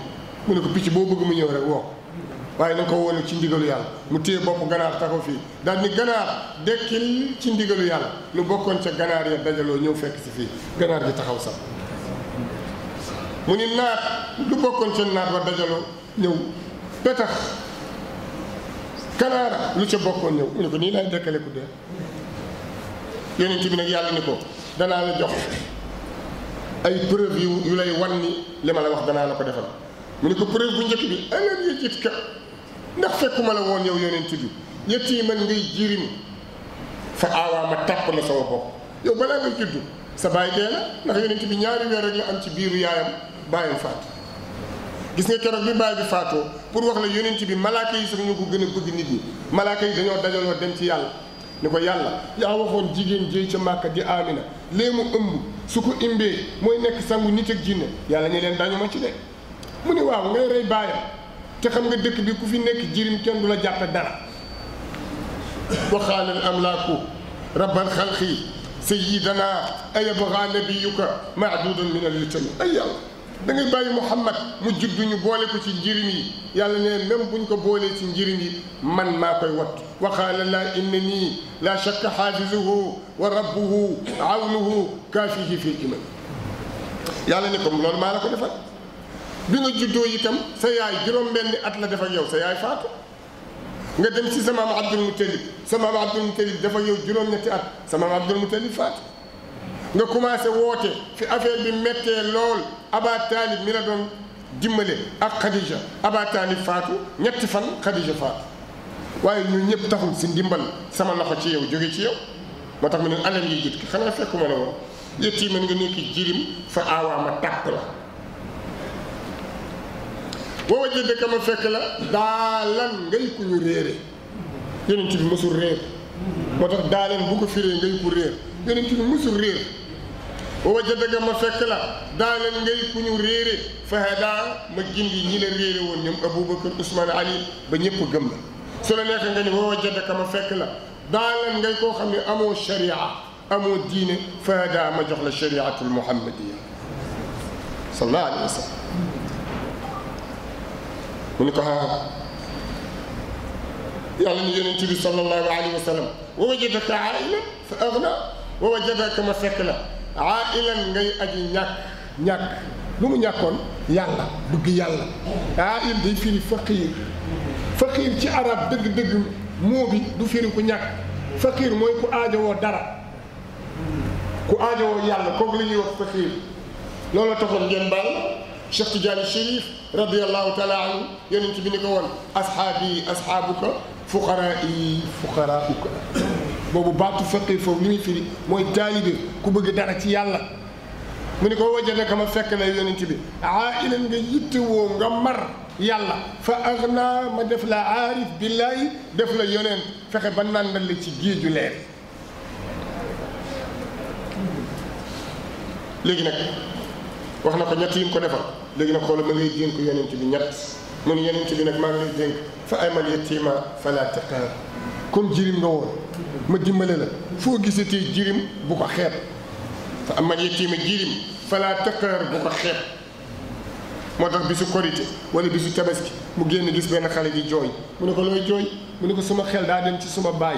S2: mu ne ko picc boo bëgg mu ñëw rek woo waaye na ko wóolu ci ndigalu yàlla mu téye bopp ganaar taxaw fii daal ni ganaar dekkil ci ndigalu yàlla lu bokkoon ca ganaar ya dajaloo ñëw fekk si fii ganaar gi taxaw sax mu ni naat lu bokkoon ca naat wa dajaloo ñëw petax ganaara lu ca bokkoon ñëw mu ne ko nii laay dekkale ku dee yonent bi nag yàlla ni ko danaa la jox ay preuve yu yu lay wan ni li ma la wax danaa la ko defal mu ne ko preuve bu njëkk bi alal yëjit ka ndax fekkuma la woon yow yonent bi ñett yi man ngay jirim fa aawaa ma tàpp la sama bopp yow balaa nga judd sa baay dee na ndax yonent bi ñaari weer rek am ci biiru yaayam baayam faatu gis nga keroog bi baay bi faatoo pour wax la yonent bi malaaka yi sax ñu ko gën a bëgg nit ñi malaaka yi dañoo dajaloo dem ci yàlla ni ko yàlla yaa waxoon jigéen jéy ci màkka di amina lee mu ëmb su ko imbee mooy nekk sangu nit ak jinne yàlla ñu leen dañu ma ci te xam nga dëkk bi ku fi nekk jirim kenn du la jàppe dara waxaal al amlaaku rabbal xalqi sayidana ayabra nabiyuka maadudun min alitami ay yàlla da ngay bàyyi muhammad mu juddu ñu boole ko ci njirim yi yàlla ne même buñ ko boolee ci njirim yi man maa koy wat wa waxaala laa inna nii laa shakka xaafisuhu wa rabbuhu awnuhu kaafihi fi iman yàlla ne ko loolu maa la ko defal bi nga juddoo itam sa yaay juróom-benni at la def ak yow sa yaay faatu nga dem ci sa maam Abdul Muttalib sa maam Abdul Muttalib def ak yow juróom-ñetti at sa maam Abdul Muttalib faatu nga commencé woote fi affaire bi méttee lool Aba Taalib mi la doon dimbale ak Khadija Aba Taalib faatu ñetti fan Khadija faatu waaye ñun ñëpp taxul si ndimbal sama loxo ci yow jóge ci yow moo tax mu ne alal yi jiit ki xanaa fekkuma ne woon yétti mën nga nekk jirim fa aawaa ma tàpp la wa wajjate kama fekk la daalan ngay ku ñu réere yonent bi mësul réer moo tax daalan bu ko firee ngay ku réer yonent bi mësul réer wa wajjate kama fekk la daalan ngay ku ñu réere fa hadaa ma gindi ñi la réere woon ñoom Aboubacar Ousmane Ali ba ñëpp gëm la su la nekk nga ni wa wajjate kama fekk la daalan ngay koo xam ne amoo sharia amoo diine fa hadaa ma jox la shariatul muhammadiya sallallahu alayhi wa sallam كلها يعني نجي نتبي صلى الله عليه وسلم ووجدك عائلا فأغنى ووجدك مسكنا عائلا غي أجي نك نك لم يكن يلا دق يلا عائل دي في الفقير فقير تي عرب دق دق موبي دو في الكو نك فقير موي كو آجو دارا كو آجو يلا كو غلي فقير لولا تخل جنبال شيخ تجاري شريف رضي الله تعالى عنه ينتمي نقول أصحابي أصحابك فقرائي فقراؤك بابو باتو فقي فوليمي في موي تالي بي كوبو جدارتي يالا من يقول وجهنا كما فكنا ينتبه عائلا يتوو غمر يلا فاغنى ما دفلا عارف بالله دفلا يونين فخ بنان اللي تيجي جلير لكنك واخنا كنا تيم كنا فا لكن أنا أنا أنا أنا أنا أقول أقول لك لك لجنا خلو أنا كيانين تبينك من أنا تبينك ما مليدين أنا يتيما فلا تقار أنا جريم نور مدي أنا فوق جسدي جريم أنا خير فأمل يتيما أنا فلا تقار بقى أنا ما ده بيسو أنا ولا بيسو تبسك أنا نجس بين خالد أنا منو خلو جوي أنا كسمة خال دادن أنا باي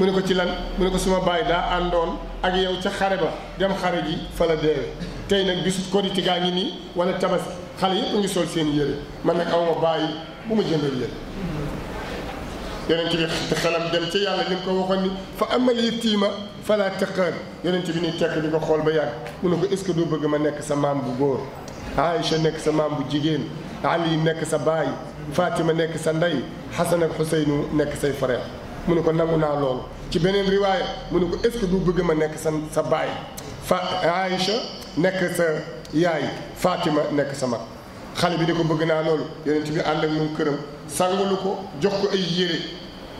S2: منو كتلان أنا كسمة باي دا أنا أجي أوتش خربا أنا خارجي فلا ده tey nag bisu korite gaa ngi nii wala tabaski xale yëpp ngi sol seen yére man nag aw ma bàyyi bu ma jëndal yére yonent bi te xelam dem ca yàlla li mu ko waxoon ni fa amal yatiima fala taqhar yonent bi ni tekk di ko xool ba yàgg mu ne ko est ce que doo bëgg ma nekk sa maam bu góor Aïcha nekk sa maam bu jigéen Ali nekk sa baay Fatima nekk sa ndey Xasan ak Xuseynu nekk say frère mu ne ko nangu naa loolu ci beneen riwaaya mu ne ko est ce que du bëgg ma nekk sa sa baay fa Aïcha nekk sa yaay Fatima nekk sa mag xale bi di ko bëgg naa loolu yonent bi ànd ak moom këram sàngulu ko jox ko ay yére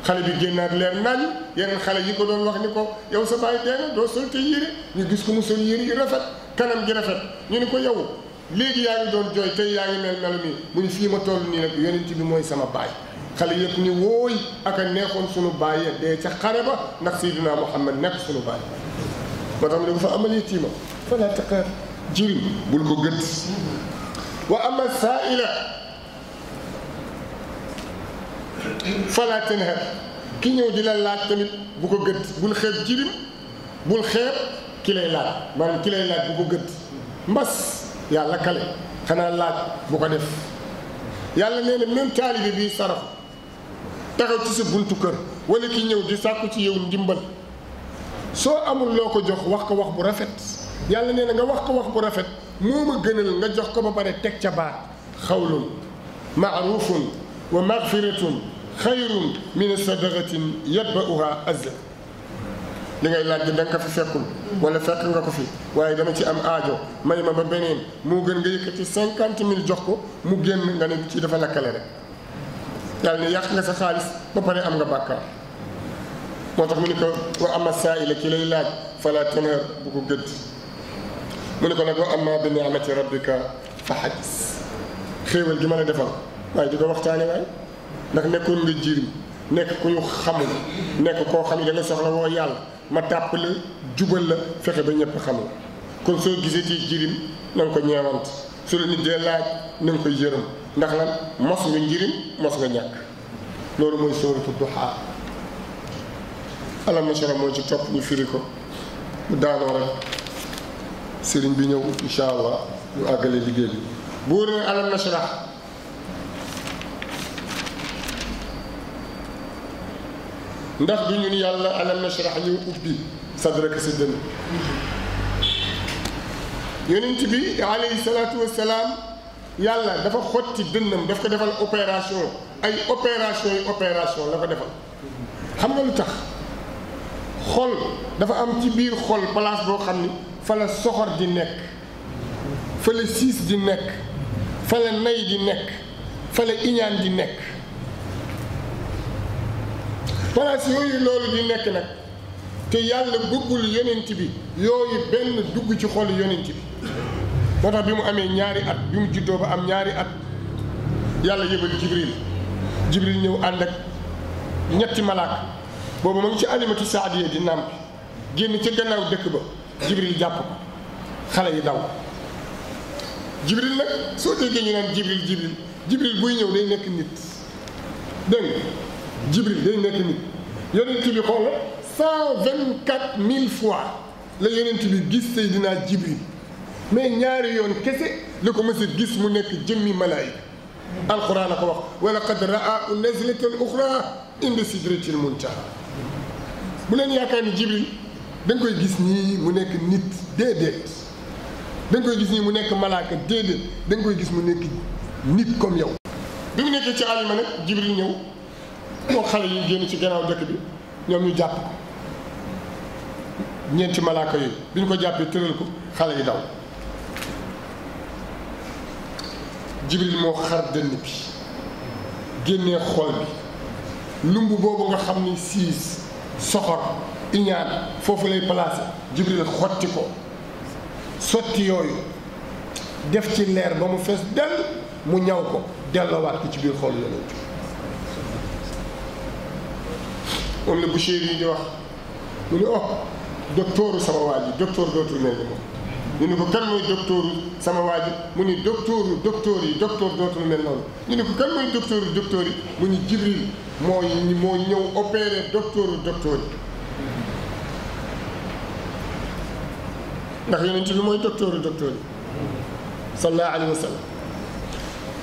S2: xale bi génnaat leer nañ yeneen xale yi ko doon wax ni ko yow sa baay dee na doo sol te yére ñu gis ko mu sol yére yi rafet kanam gi rafet ñu ni ko yow léegi yaa ngi doon jooy tey yaa ngi mel melu nii mu ni fii ma toll nii nag yonent bi mooy sama baay xale yëpp ni wooy ak a neexoon sunu baay ya dee ca xare ba ndax Seydina Muhammad nekk sunu baay ba tax mu ne ko fa amal yatiima fala taqaar jirim bul ko gëdd wa ama saaila fala tanhar ki ñëw di la laaj tamit bu ko gëdd bul xeeb jirim bul xeeb ki lay laaj maanaam ki lay laaj bu ko gëdd mbas yàlla kale xanaa laaj bu ko def yàlla nee na même taalibe bi sarafu taxaw ci sa buntu kër wala ki ñëw di sàkku ci yow ndimbal so amul loko jox wax ko wax bu rafet yàlla neena nga wax ko wax bu rafet moma ma gënal nga jox ko ba bare tek ca ba xawlun ma'rufun wa maghfiratun xayrun min sadaqatin yadba'uha azza li ngay laaj da nga fi fekkul wala fekk nga ko fi waye dama ci am aajo may ma ba benen mo gën nga yëkati 50000 jox ko mu génn nga ne ci dafa nakale rek yàlla ne yak nga sa xaliss ba pare am nga bàkkaar moo tax mu ne ko wa ama saa'ila ki lay laaj fala tanhar bu ko gëdd mu ne ko nag wa ama bi ni'mati rabbika fa xadis xéewal gi ma la defal waaye di ko waxtaane waay ndax nekkoon nga jirim nekk ku ñu xamul nekk koo xam ne da nga soxla woo yàlla ma tàpp la jubal la fexe ba ñëpp xamul kon soo gisee ci jirim na nga ko ñeewant su la nit dee laaj na nga koy yërëm ndax lan mos nga njirim mos nga ñàkk loolu mooy sóoratu duxaa alam nasara moo ci topp ñu firi ko bu daanoo rek sëriñ bi ñëw incha allah ñu àggale liggéey bi buur ne alam nasara ndax du ñun yàlla alam nasara ñu ubbi sadraka sa dënn yonent bi alayhi salaatu wasalaam yàlla dafa xotti dënnam daf ko defal opération ay opération yi opération la ko defal xam nga lu tax xol dafa am ci biir xol palaas boo xam ni fa soxor di nekk fa la siis di nekk fale nay di nekk fale la iñaan di nekk place yooyu loolu di nekk nag te yàlla bëggul yonent bi yooyu benn dugg ci xol yonent bi moo tax bi mu amee ñaari at bi mu juddoo ba am ñaari at yàlla yëbal jibril jibril ñëw ànd ak ñetti malaaka bobu mo ngi ci alimatu saadiya di nam génn ci gannaaw dëkk ba jibril jàpp ko xale yi daw jibril nak so déggee ñu naan jibril jibril jibril buy ñëw day nekk nit dégg jibril day nekk nit yonent bi xol la cent fois la yonent bi gis sayidina jibril mais ñaari yoon kesse le ko mës gis mu nekk jëmmi malaay القران a ولقد راى النزله الاخرى ra'aahu nazlatan المنتهى bu leen ni Jibril dañ koy gis ni mu nekk nit déedéet dañ koy gis ni mu nekk malaaka déedéet dañ koy gis mu nekk nit comme yow. bi mu nekkee ci àll ma nag Jibril ñëw moo xale yi génn ci gannaaw dëkk bi ñoom ñu jàpp ñeenti malaaka yooyu bi ñu ko jàppee tëral ko xale yi daw Jibril moo xar dënn bi génnee xol bi lumb boobu nga xam ni siis soxor iñaan foofu lay placé Jibril xotti ko sotti yooyu def ci leer ba mu fees dell mu ñaw ko delloowaat ko ci biir xol yonent moom la Bushayri yi di wax mu ne oh doktooru sama waa doktoor dootul mel ni moom ñu ne ko kan mooy doktooru sama waa ji mu ni doktooru doktoor yi doktoor dootul mel noonu ñu ne ko kan mooy doktooru doktoor yi mu ni Jibril mooy moo ñëw opéré docteur docteur yi ndax yonent bi mooy docteur docteur yi sallallahu alayhi wa sallam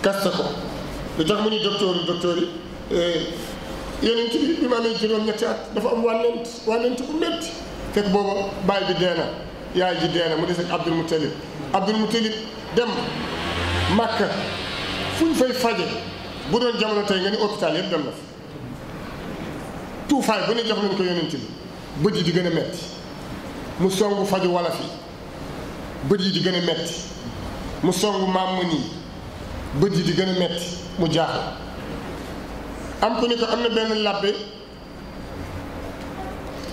S2: kaste ko lu tax mu ni docteur docteur yi eh, yonent bi bi ma amee juróom ñetti at dafa am wàllent wàllent bu métti fekk booba baay bi dee na yaay ji dee na mu des ak Abdul Muttalib Abdul Muttalib dem Màkka fu ñu fay faje bu doon jamono tey nga ni hôpital yëpp dem na fa tuufaay bu ne jox nañ ko yonent bi bët yi di gën a metti mu songu faju wala fi bët yi di gën a metti mu songu maam ma nii bët yi di gën a metti mu jaaxal am ku ne ko am na benn labbe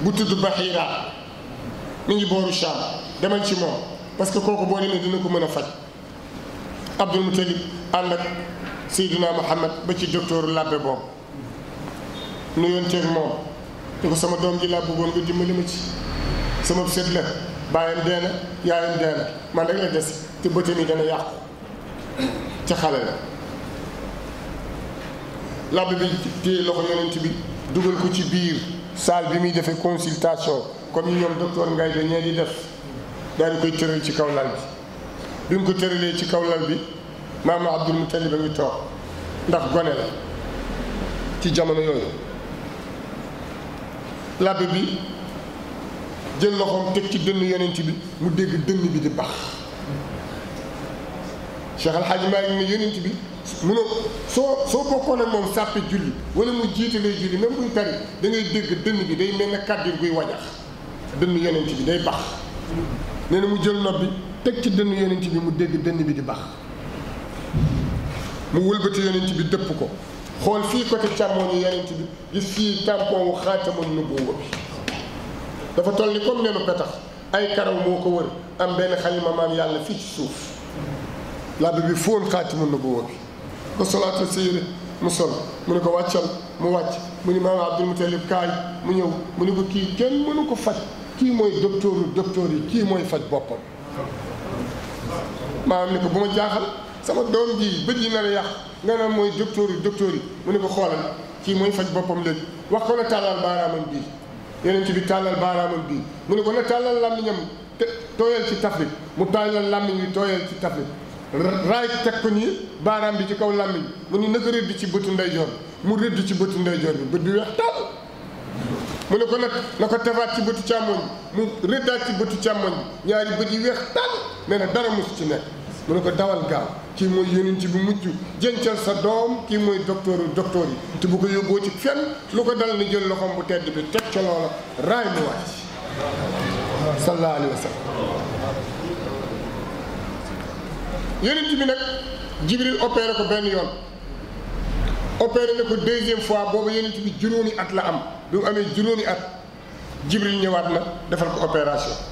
S2: bu tudd Baxiira mu ngi booru Cham demal ci moom parce que kooku boo demee dina ko mën a faj Abdul Mutalib ànd ak Seydina Muhammad ba ci docteur labbe boobu nuyonteeg moom ñu ko sama doom ji laa bëggoon nga dimbali ma ci sama sët la bàyyam dee na yaayam dee na man rek la des te bëtam yi dana yàqu ca xale la labbe bi téye loxo yonent bi dugal ko ci biir salle bi muy defee consultation comme ñu ñoom docteur Ngaye da ñee di def daal koy tëral ci kaw lal bi bi mu ko tëralee ci kaw lal bi maama Abdul Mutalib ba ngi toog ndax gone la ci jamono yooyu labbe bi jël loxoom teg ci dënn yonent bi mu dégg dënn bi di bax Cheikh Al Hadj Malick ne yonent bi mu soo soo bokkoon ak moom sàppe julli wala mu jiite lay julli même buy tari da dégg dënn bi day mel ne kàddu guy wajax dënn yonent bi day bax nee na mu jël nopp teg ci dënn yonent bi mu dégg dënn bi di bax mu wëlbati yonent bi dëpp ko خول في كوتي تامون يانت دي في تامبون خاتم النبوة دا فا تولي كوم نينو كاتاخ اي كارو موكو وور ام بن خليل مام يالا في سوف لا بي بي فون خاتم النبوة الصلاة سيري مصلى منو كو واتشال مو واتش مني مام عبد المطلب كاي مو نيو مني بو كي كين منو كو فاج كي موي دكتور دكتوري كي موي فاج بوبام ما عم نكو بوما جاخر sama doom bii bët yi na la yàq nga naan mooy docteur yi docteur yi mu ne ko xoolal kii mooy faj boppam léegi wax ko na tàllal baaraamam bii yeneen ci bi tàllal baaraamam bii mu ne ko na tàllal làmmiñam te tooyal ci taf bi mu tàllal làmmiñ bi tooyal ci taf bi raay teg ko nii baaraam bi ci kaw làmmiñ mu na naka rëdd ci bëtu ndeyjoor bi mu rëdd ci bëtu ndeyjoor bi bët bi weex tàll mu ne ko nag na ko tefaat ci bëtu càmmoñ mu rëddaat ci bëtu càmmoñ ñaari bët yi weex tàll nee na ci nekk mu ko dawal gaaw kii mooy ci bi mujj jencal sa doom kii mooy docteuru docteur yi te bu ko yóbboo ci fenn lu ko dal na jël loxoom bu tedd bi teg ca loola raay mu wàcc sallallahu alayhi wa sallam bi nag jibril opéré ko benn yoon opéré na ko deuxième fois boobu ci bi juróomi at la am bi mu amee juróomi at jibril ñëwaat la defal ko opération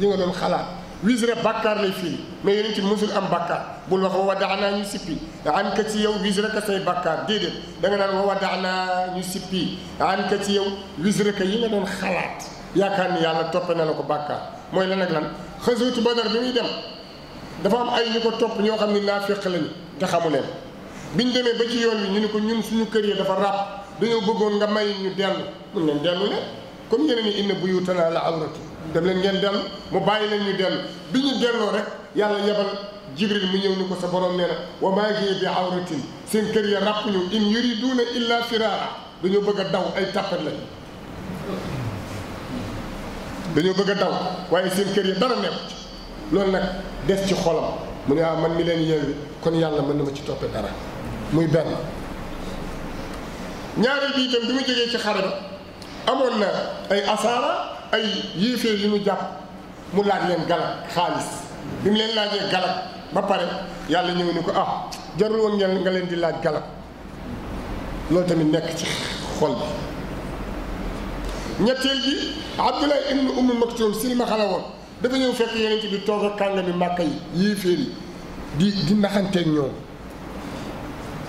S2: yi nga doon xalaat wisre bàkkaar lay firi mais yonent bi mosul am bàkkaar bul wax wa wadaa naa ñu sippi an ka ci yow wisre ka say bàkkaar déedéet da nga naan wa wadaa naa ñu sippi an ka ci yow wisre ka yi nga doon xalaat yaakaar ni yàlla toppe na la ko bàkkaar mooy lan ak lan xasootu badar bi muy dem dafa am ay ñu ko topp ñoo xam ni naafiq lañu te xamu leen biñ demee ba ci yoon wi ñu ne ko ñun suñu kër yi dafa ràpp dañoo bëggoon nga may ñu dellu mun leen dellu leen comme ñeneen ñi inna buyutanaa la awratu dem leen ngeen dellu mu bàyyi leen ñu dellu bi ñu delloo rek yàlla yebal jibril mu ñëw ni ko sa borom nee na wa maa hiya bi awratin seen kër ya ràpp ñu in yuriduuna illa firaara dañoo bëgg a daw ay tàppet lañ dañoo bëgg a daw waaye seen kër yi dara nekk loolu nag des ci xolam mu ne ah man mi leen yeewi kon yàlla mën na ko ci toppee dara muy benn ñaareel bi itam bi mu jógee ci xare ba amoon na ay asaara ay yéefee yu ñu jàpp mu laaj leen galak xaalis bi mu leen laajee galak ba pare yàlla ñëw ni ko ah jarul woon ngeen nga leen di laaj galak loolu tamit nekk ci xol bi ñetteel bi Abdullah ibn Umm Maktum silma xala woon dafa ñëw fekk yeneen bi toog ak kàngami màkka yi yéefee yi di di naxanteeg ñoom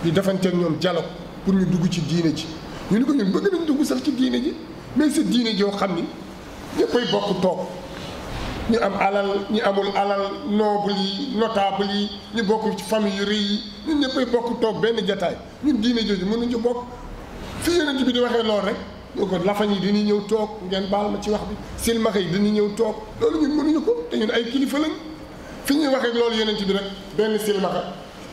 S2: di defanteen ñoom jalo pour ñu dugg ci diine ji ñu ni ko ñun bëgg nañ dugg sax ci diine ji mais sa diine joo xam ni ñëppay bokk toog ñu am alal ñu amul alal noble yi notable yi ñu bokk ci famille yu yi ñun ñëppay bokk toog benn jataay ñun diine jooju mënuñ ci bokk fi yonent bi di waxee loolu rek ñoo ko lafañ yi dañuy ñëw toog ngeen baal ma ci wax bi silmaxa yi dañuy ñëw toog loolu ñun mënuñu ko te ñun ay kilifa lañ fi ñuy waxee loolu yonent bi rek benn silmaxa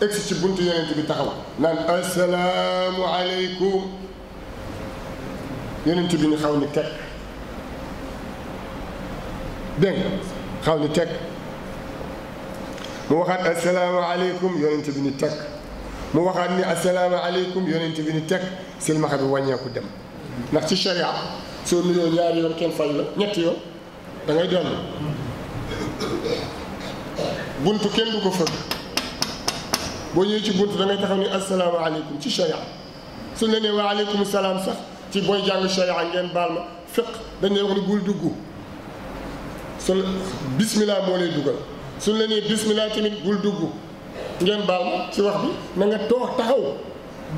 S2: egsi ci buntu yonent bi taxaw naan asalaamu aleykum yonent bi ñu xaw ni teg dégg nga xaw ni teg mu waxaat asalaamaaleykum yonent bi ni teg mu waxaat ni asalaamaaleykum yonent bi ni teg silmaxa bi wàññeeku dem ndax ci sharia soo nuyoo ñaari yoon kenn fay la ñetti yoon da ngay doon buntu kenn du ko fëgg boo ñëwee ci buntu da ngay taxaw ni asalaamaaleykum ci sharia suñ la nee waaleykum salaam sax ci booy jàng sharia ngeen baal ma fiq dañ lay wax ni bul dugg su bismillah moo lay dugal suñ la nee bismillah tamit bul dugg ngeen baal ci wax bi na nga toog taxaw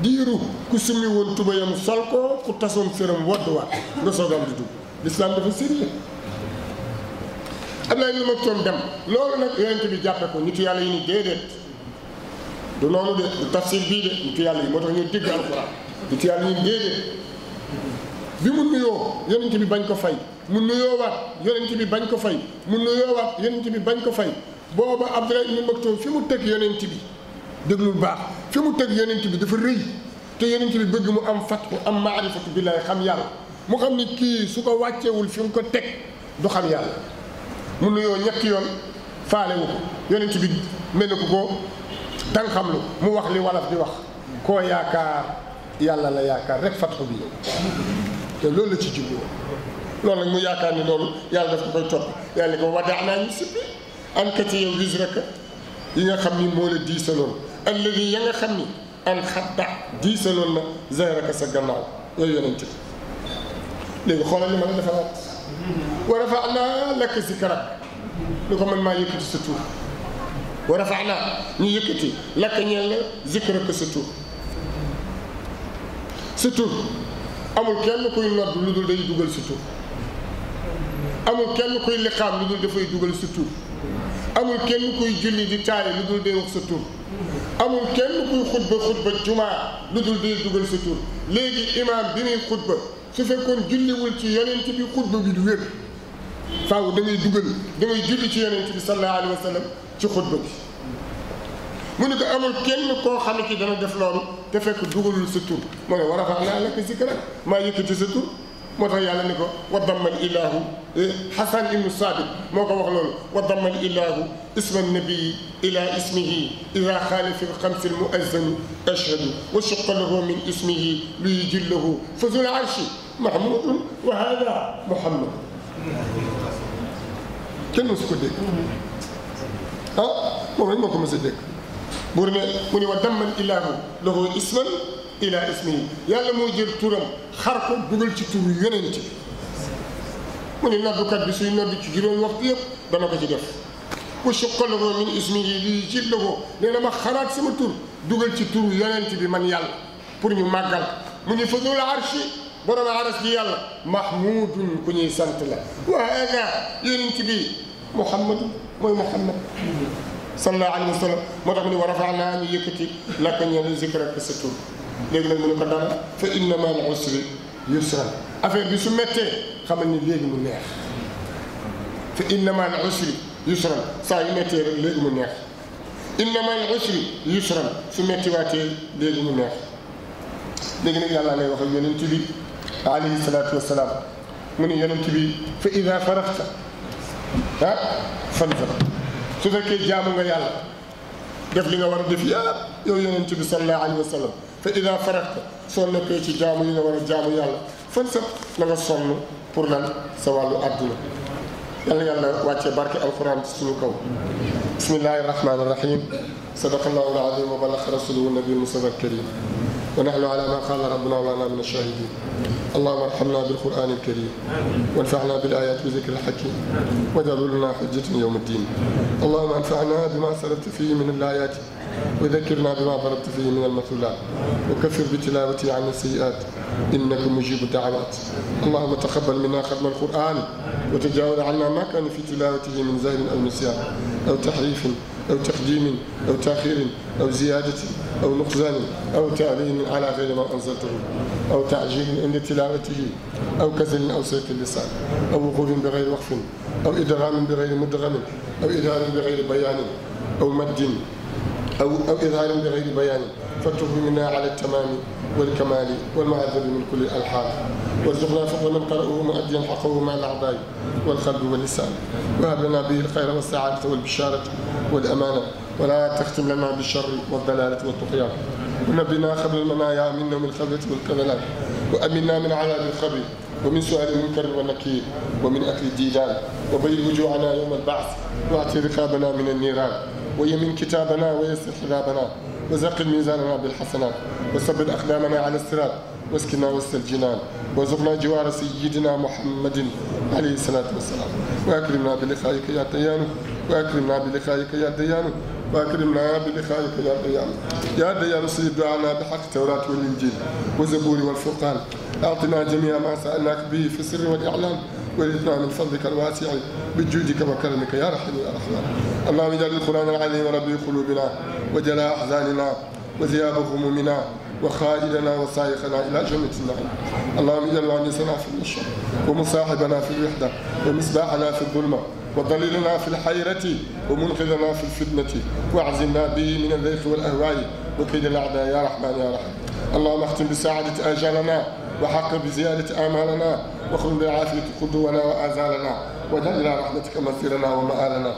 S2: diiru ku summi woon tubayam sol ko ku tasoon sëram wodduwaat nga soog am dugg lislaam dafa sérieux am naa ñu mag dem loolu nag yonent bi jàppe ko nitu yàlla yi ni déedéet du noonu de du tafsir bii de nitu yàlla yi moo tax ñu digg alxuraan nitu yàlla yi déedéet bi mu nuyoo yonent bi bañ ko fay mu nuyoowaat yonent bi bañ ko fay mu nuyoowaat yonent bi bañ ko fay booba Abdoulaye ibn Maktoum fi mu teg yonent bi déglul baax fi mu teg yonent bi dafa rëy te yonent bi bëgg mu am fatku am maarifatu billaay xam yàlla mu xam ni kii su ko wàccewul fi mu ko teg du xam yàlla mu nuyoo ñetti yoon faale wu ko yonent bi mel na ko ko danga xam lu mu wax li wolof di wax koo yaakaar yàlla la yaakaar rek fatku bi te loolu la ci jublu loolu nag mu yaakaar ni loolu yàlla daf ko koy topp yàlla ko wadaax naa ñu sippi ankati yow gis rek yi nga xam ni moo la diisaloon alladi ya nga xam ni an xadda diisaloon na zayraka sa gannaaw yooyu yonente léegi xoolal li ma la defalaat wa rafa'naa laka zikrak lu ko man maa yëkkati sa tuur wa rafa'naa ñu yëkkati laka ñeel la zikrak sa tuur sa tuur amul kenn kuy nodd lu dul day duggal si tur amul kenn kuy liqaam lu dul dafay duggal si tur amul kenn kuy julli di taay lu dul day wax sa tur amul kenn kuy xutba xutba juma lu dul day duggal sa tur léegi imaam bi muy xutba su fekkoon julliwul ci yonent bi xutba bi du wér faaw da ngay duggal da ngay julli ci yonent bi sallallahu alayhi wa sallam ci xutba bi منك أمر كل كوا خميك دنا دفلون تفك دغول السطور ما ورفع على لك ذكر ما يكتب السطور ما تيال نك وضم الإله حسن إبن صادق ما كوا خلون وضم الإله اسم النبي إلى اسمه إذا خالف الخمس المؤذن أشهد وشق له من اسمه ليجله فذو العرش محمود وهذا محمد كم نسكت ها؟ ما هو ما كم نسكت buur ne mu ne wa damman ilaahu lahu isman ilaa ismihi yàlla moo jël turam xar ko dugal ci turu yonent bi mu ne noddukat bi suy nodd ci juróom waxtu yëpp dana ko ci def ku suqa lahu min ismihi lii ci lahu nee na ma xalaat sama tur dugal ci turu yonent bi man yàlla pour ñu màggal mu ne fadul arshi borom aras ji yàlla mahmudun ku ñuy sant la wa hada yonent bi muhammadu mooy muhammad صلى الله عليه وسلم مدخلي ورفعنا يكتي لكن ينذكر كستور لكن من قدر فإنما العسر يسرا أفر بسمته خمني ليه من نيخ فإنما العسر يسرا سايمته ليه من نيخ إنما العسر يسرا سمته واتي ليه من نيخ لكن يلا لي وخي ينتبي عليه الصلاة والسلام من ينتبي فإذا فرغت ها فانفرغ su fekkee jaamu nga yàlla def li nga war a def yëpp yow yonent bi sallallahu alayhi wa sallam fa ida faraxta soo nekkee ci jaamu yi nga war a jaamu yàlla fan sax na nga sonn pour lan sa wàllu àdduna yàlla yàlla wàccee barke alquran ci suñu kaw bismillahi rahmaani rahim sadaqallahu alazim wa balax rasuluhu nabi mustafa karim ونحن على ما قال ربنا وعلى من الشاهدين اللهم ارحمنا بالقرآن الكريم وانفعنا بالآيات وذكر الحكيم وجعلنا حجة يوم الدين اللهم انفعنا بما سردت فيه من الآيات وذكرنا بما ضربت فيه من المثلات وكفر بتلاوتي عن السيئات إنك مجيب الدعوات اللهم تقبل منا ختم القرآن وتجاوز عنا ما كان في تلاوته من زهر أو نسيان أو تحريف أو تقديم أو تأخير أو زيادة أو مخزن أو تعليل على غير ما أنزلته أو تعجيل عند تلاوته أو كسل أو سيف اللسان أو وقوف بغير وقف أو إدغام بغير مدغم أو إدغام بغير بيان أو مد أو أو إظهار بغير بيان منا على التمام والكمال والمعذب من كل الألحان وارزقنا فضل من قرأه مؤديا حقه مع الأعضاء والقلب واللسان وهب لنا به الخير والسعادة والبشارة والأمانة ولا تختم لنا بالشر والضلالة والطغيان ونبنا خبر المنايا منا من الخبث والكذلات وأمنا من عذاب الخبر ومن سؤال المنكر والنكير ومن أكل الديدان وبيض وجوعنا يوم البعث واعطي رقابنا من النيران ويمن كتابنا ويسر حسابنا وزق ميزاننا بالحسنات وثبت أقدامنا على الصراط واسكنا وسط الجنان وارزقنا جوار سيدنا محمد عليه الصلاة والسلام وأكرمنا بلقائك يا ديان وأكرمنا بلقائك يا ديان واكرمنا بلقائك يا قيام يا ديان نصيب دعانا بحق التوراة والإنجيل والزبور والفرقان أعطنا جميع ما سألناك به في السر والإعلان وردنا من فضلك الواسع بجودك وكرمك يا رحيم يا رحمن اللهم اجعل القرآن العظيم ربي قلوبنا وجلاء أحزاننا وذياب همومنا وخائلنا وصايخنا إلى جنة النعيم اللهم اجعل وانسنا في النشر ومصاحبنا في الوحدة ومصباحنا في الظلمة وضللنا في الحيرة ومنقذنا في الفتنة واعزمنا به من الليث والأهواء وكيد الأعداء يا رحمن يا رحمن اللهم اختم بسعادة آجالنا وحق بزيادة آمالنا واخرج بالعافية قدونا وآزالنا واجعل إلى رحمتك مصيرنا ومآلنا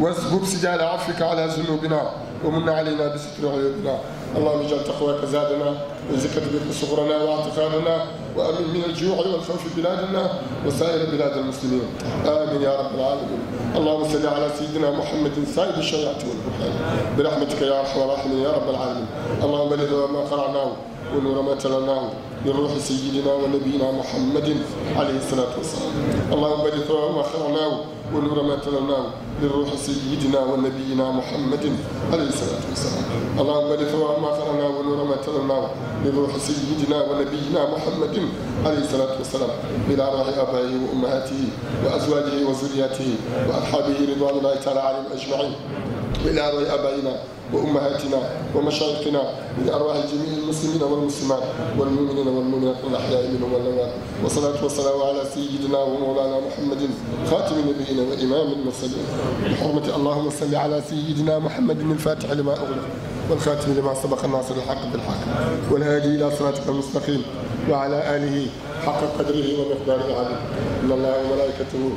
S2: واسبب سجال عفوك على ذنوبنا ومن علينا بستر عيوبنا اللهم اجعل تقواك زادنا وذكر بك صغرنا واعتقادنا وامن من الجوع والخوف بلادنا وسائر بلاد المسلمين امين يا رب العالمين اللهم صل على سيدنا محمد سائر الشريعه والبرهان برحمتك يا ارحم الراحمين يا رب العالمين اللهم بلغنا ما قرعناه ونور ما تلناه بروح سيدنا ونبينا محمد عليه الصلاه والسلام اللهم بلغنا ما خلعناه والعلماء تلوناه نعم للروح سيدنا ونبينا محمد عليه الصلاة والسلام اللهم لثواب ما فعلنا والعلماء تلوناه نعم للروح سيدنا ونبينا محمد عليه الصلاة والسلام إلى روح أبائه وأمهاته وأزواجه وذريته وأصحابه رضوان الله تعالى عليهم أجمعين وإلى روح أبائنا وأمهاتنا ومشايخنا بأرواح جميع المسلمين والمسلمات والمؤمنين والمؤمنات والأحياء منهم والأموات والصلاة والسلام على سيدنا ومولانا محمد خاتم النبيين وإمام المرسلين بحرمة اللهم صل على سيدنا محمد الفاتح لما أغلق والخاتم لما سبق الناصر الحق بالحق والهادي إلى صراطك المستقيم وعلى آله حق قدره ومقداره عظيم إن الله وملائكته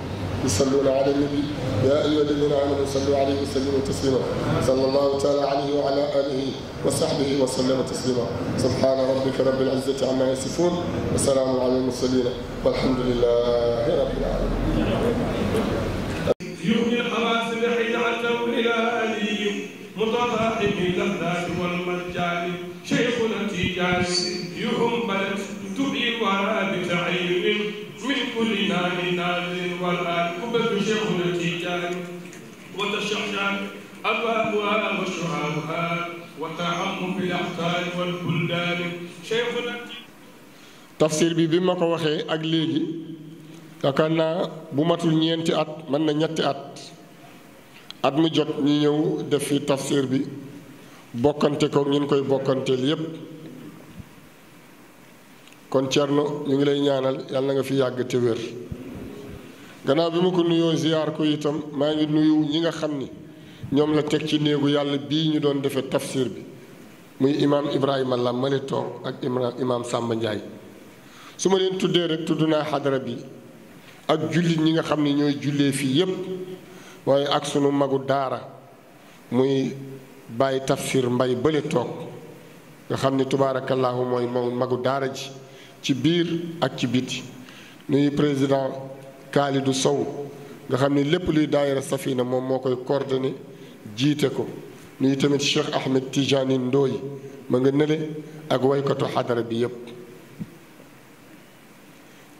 S2: يصلون على النبي يا ايها الذين امنوا صلوا عليه وسلموا تسليما صلى الله تعالى عليه وعلى اله وصحبه وسلم تسليما سبحان ربك رب العزه عما يصفون وسلام على المرسلين والحمد لله رب العالمين متضاحم اللذات والمجان شيخ تيجان يهم بلد
S3: تبي وراء بتعين من كل نار نار والآن كبد شيخ تيجان وتشحشان أبوابها وشعابها وتعم في الأحسان والبلدان شيخ
S2: تفسير بي بما كوخي اك ak legi yakarna bu matul ñenti at man na at mu jot ñu ñëw def fi tafsir bi bokkante ko ngeen koy bokkanteel yépp kon Thierno ñu ngi lay ñaanal yàlla na nga fi yàgg te wér gannaaw bi ma ko nuyoo ziar ko itam maa ngi nuyu ñi nga xam ni ñoom la teg ci néegu yàlla bii ñu doon defee tafsir bi muy imaam Ibrahima Lam male toog ak imaam Samba Ndiaye su ma leen tuddee rek tudd naa xadara bi ak jullit ñi nga xam ni ñooy jullee fii yépp waaye ak sunu magu daara muy bàyyi tafsir mbay bële toog nga xam ni tubaarakallaahu mooy moom magu daara ji ci biir ak ci biti nuyu président Khalidou Sow nga xam ni lépp luy daayira safina moom moo koy coordonné jiite ko nuyu tamit Cheikh Ahmed Tijani Ndoye ma nga nële ak waykatu xadara bi yépp